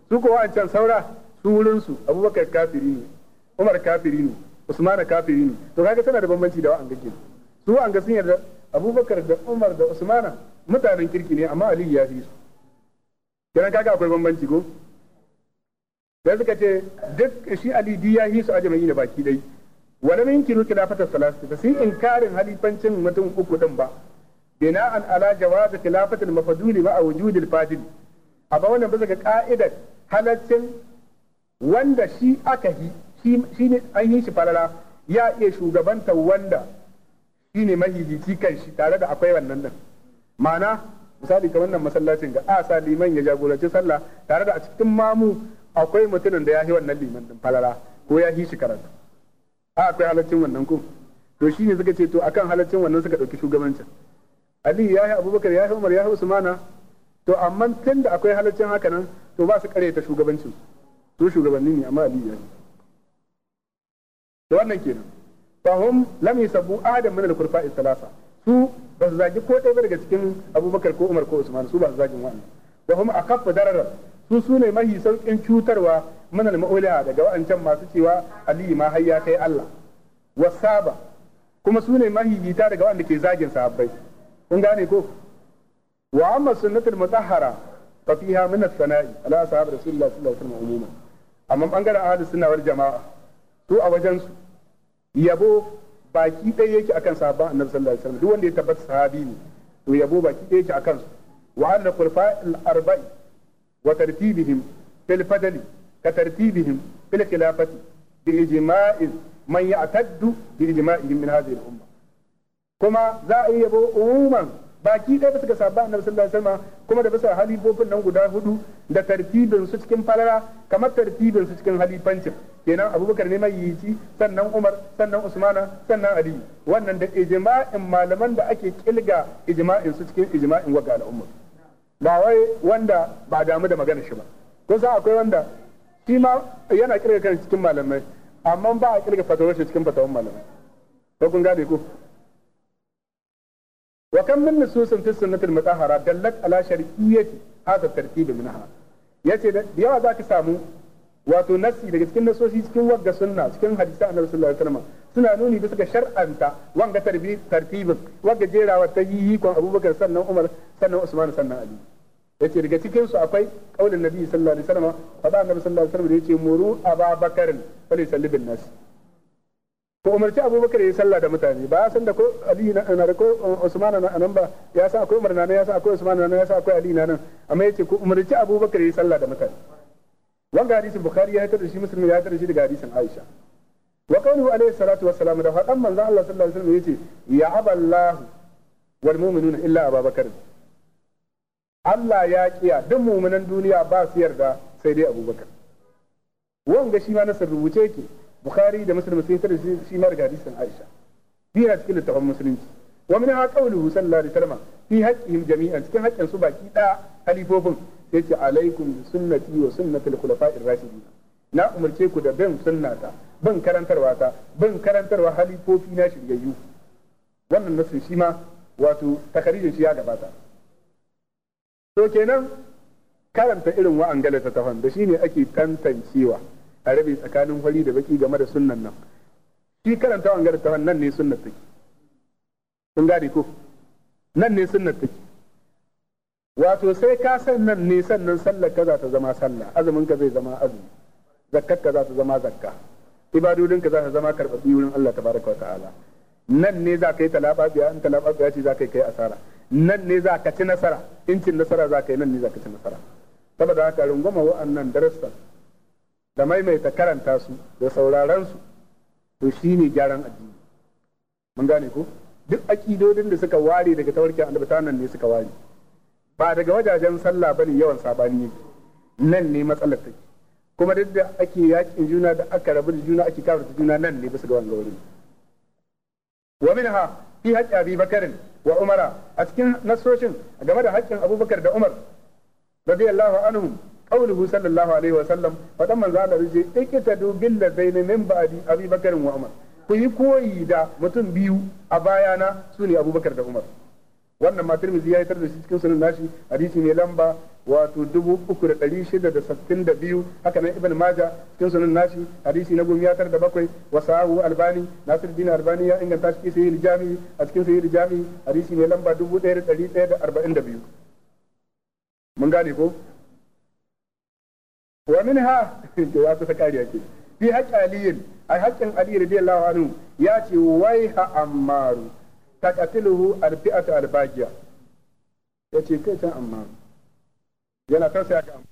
su ko wa'ancan saura su wurinsu Abubakar kafiri ne Umar kafiri ne Usman kafiri ne to kaga tana da bambanci da wa'an gake su an ga sun yarda abubakar da umar da usmana mutanen kirki ne amma aliyu ya fi su kiran kaga akwai bambanci ko sai suka ce duk shi ali di ya su hisu ajama'i da baki dai wala min kinu fata salasu ta sun inkarin halifancin mutum uku din ba an ala jawaz khilafatul mafduli ma wujudil ba a ba wannan bisa ga ka'idar halaccin wanda shi aka yi shi ne an yi shi falala ya iya shugabantar wanda shi ne mahigici kan shi tare da akwai wannan nan ma'ana misali ka wannan masallacin ga a sa liman ya jagoranci sallah tare da a cikin mamu akwai mutumin da ya yi wannan liman din falala ko ya yi shi karatu a akwai halaccin wannan ko to shi ne suka ce to akan halaccin wannan suka ɗauki shugabancin Ali ya yi Abubakar ya yi Umar ya yi Usmana to amma tun da akwai halaccin haka nan to ba su ta shugabancin su shugabanni ne amma Ali ya yi to wannan kenan fahum lam yusabbu adam min al-kurfa salasa su ba su zagi ko ɗaya daga cikin abubakar ko umar ko usman su ba su zagin wannan wa hum akaffu dararar su su ne mahi sauƙin cutarwa min al daga wa'ancan masu cewa aliyu ma har ya kai Allah wasaba kuma su ne mahi daga wanda ke zagin sahabbai kun gane ko wa amma sunnatul mutahhara fa fiha min as-sana'i ala sahab rasulullah sallallahu alaihi wasallam amma bangaren ahlus sunna wal jama'a su a wajen su yabo baki ɗaya yake akan sahabban annabi sallallahu alaihi wasallam duk wanda ya tabbata sahabi ne to yabo baki ɗaya yake akan su wa anna khulafa al-arba'i wa tartibihim fil fadli ka tartibihim fil khilafati bi ijma'in man ya'taddu bi ijma'ihim min hadhihi al-umma kuma za a yabo umuman baki ɗaya bisa ga sahabban annabi sallallahu alaihi wasallam kuma da bisa halifofin nan guda hudu da tartibin su cikin falala kamar tartibin su cikin halifancin kenan abubakar ne mai yici sannan umar sannan usmana sannan ali wannan da ijma'in malaman da ake kilga ijma'in su cikin ijma'in waga umar. ba wai wanda ba damu da magana shi ba ko sa akwai wanda shi ma yana kirga kan cikin malamai amma ba a kirga fatawar shi cikin fatawar malamai ko kun gane ko wa kam min nususin fi sunnatil mutahhara dallat ala shar'iyyati hada tartibi minha yace da yawa zaka samu wato Nasi daga cikin nasoshi cikin wagga sunna cikin hadisi annabi sallallahu alaihi wasallam suna nuni da suka shar'anta wanga tarbi tartibin wagga jerawa ta yi kon Abubakar sannan Umar sannan Usman sannan Ali yace daga cikin su akwai kaulin Nabi sallallahu alaihi wasallam fada annabi sallallahu alaihi wasallam da yace muru Abubakar fa yusalli bin nas ko umarci Abubakar ya sallah da mutane ba san da ko Ali na na ko uh, Usman na nan ba ya sa akwai Umar na ya sa akwai Usman na ya sa akwai Ali na nan amma yace ko umarci Abubakar ya sallah da mutane wanga hadisin bukhari ya haifar da shi muslim ya haifar da shi daga hadisin aisha wa qawluhu alayhi salatu wa wassalam da fadan manzon Allah sallallahu alaihi wasallam yace ya aballahu wal mu'minuna illa ababakar Allah ya kiya duk mu'minan duniya ba su yarda sai dai abubakar wanga shi ma nasar rubuce yake bukhari da muslim sai tada shi ma daga hadisin aisha biya cikin littafin musulunci wa min ha qawluhu sallallahu alaihi wasallam fi haqqihim jami'an cikin haƙƙin su baki da halifofin sai alaikum bi sunnati wa sunnatil khulafa'ir rashidin na umarce ku da bin sunnata bin karantarwa ta bin karantarwa halifofi na shiryayyu wannan nasin shi ma wato takarijin shi ya gabata to kenan karanta irin wa'an galata ta da shi ne ake tantancewa a rabe tsakanin fari da baki game da sunnan nan shi karanta wa'an galata ta nan ne sunnar take kun gane ko nan ne sunnar take wato sai ka san nan ne sannan sallar ka za ta zama sallah azumin ka zai zama azumi zakkar ka za ta zama zakka ibadodin ka za ta zama karɓaɓɓi wurin Allah tabaraka wa ta'ala nan ne za ka yi talaba biya in talaba biya ce za ka yi kai asara nan ne za ka ci nasara in cin nasara za ka yi nan ne za ka ci nasara saboda haka runguma wa'annan darasta da maimaita karanta su da sauraron su to shine gyaran addini mun gane ko duk akidodin da suka ware daga tawarkin annabi nan ne suka ware ba daga wajajen sallah bane yawan sabani yake nan ne matsalar take kuma duk da ake yakin juna da aka rabu da juna ake kafirta juna nan ne bisa ga wanga wurin wa minha fi haqqi abi bakarin wa umara a cikin nasoshin game da haƙƙin abubakar da umar radiyallahu anhum qawluhu sallallahu alaihi wa sallam wa dan manzo Allah yace ikitadu bil ladain min ba'di abi bakarin wa umar ku yi koyi da mutum biyu a bayana su ne abubakar da umar wannan ma Tirmidhi ya yitar da shi cikin sunan nashi hadisi ne lamba wato 3662 haka nan Ibn Maja cikin sunan nashi hadisi na gumi ya tar da bakwai wa sahu Albani din Albani ya inganta shi sai sahih Jami a cikin sahih Jami hadisi ne lamba 1142 mun gane ko wa ha to ya kusa kariya ke fi haqqi aliyin ai haqqin ali radiyallahu anhu ya ce wai ha ammaru taqatiluhu alfi'atu albagiya ce kai can amma yana tausaya ga amma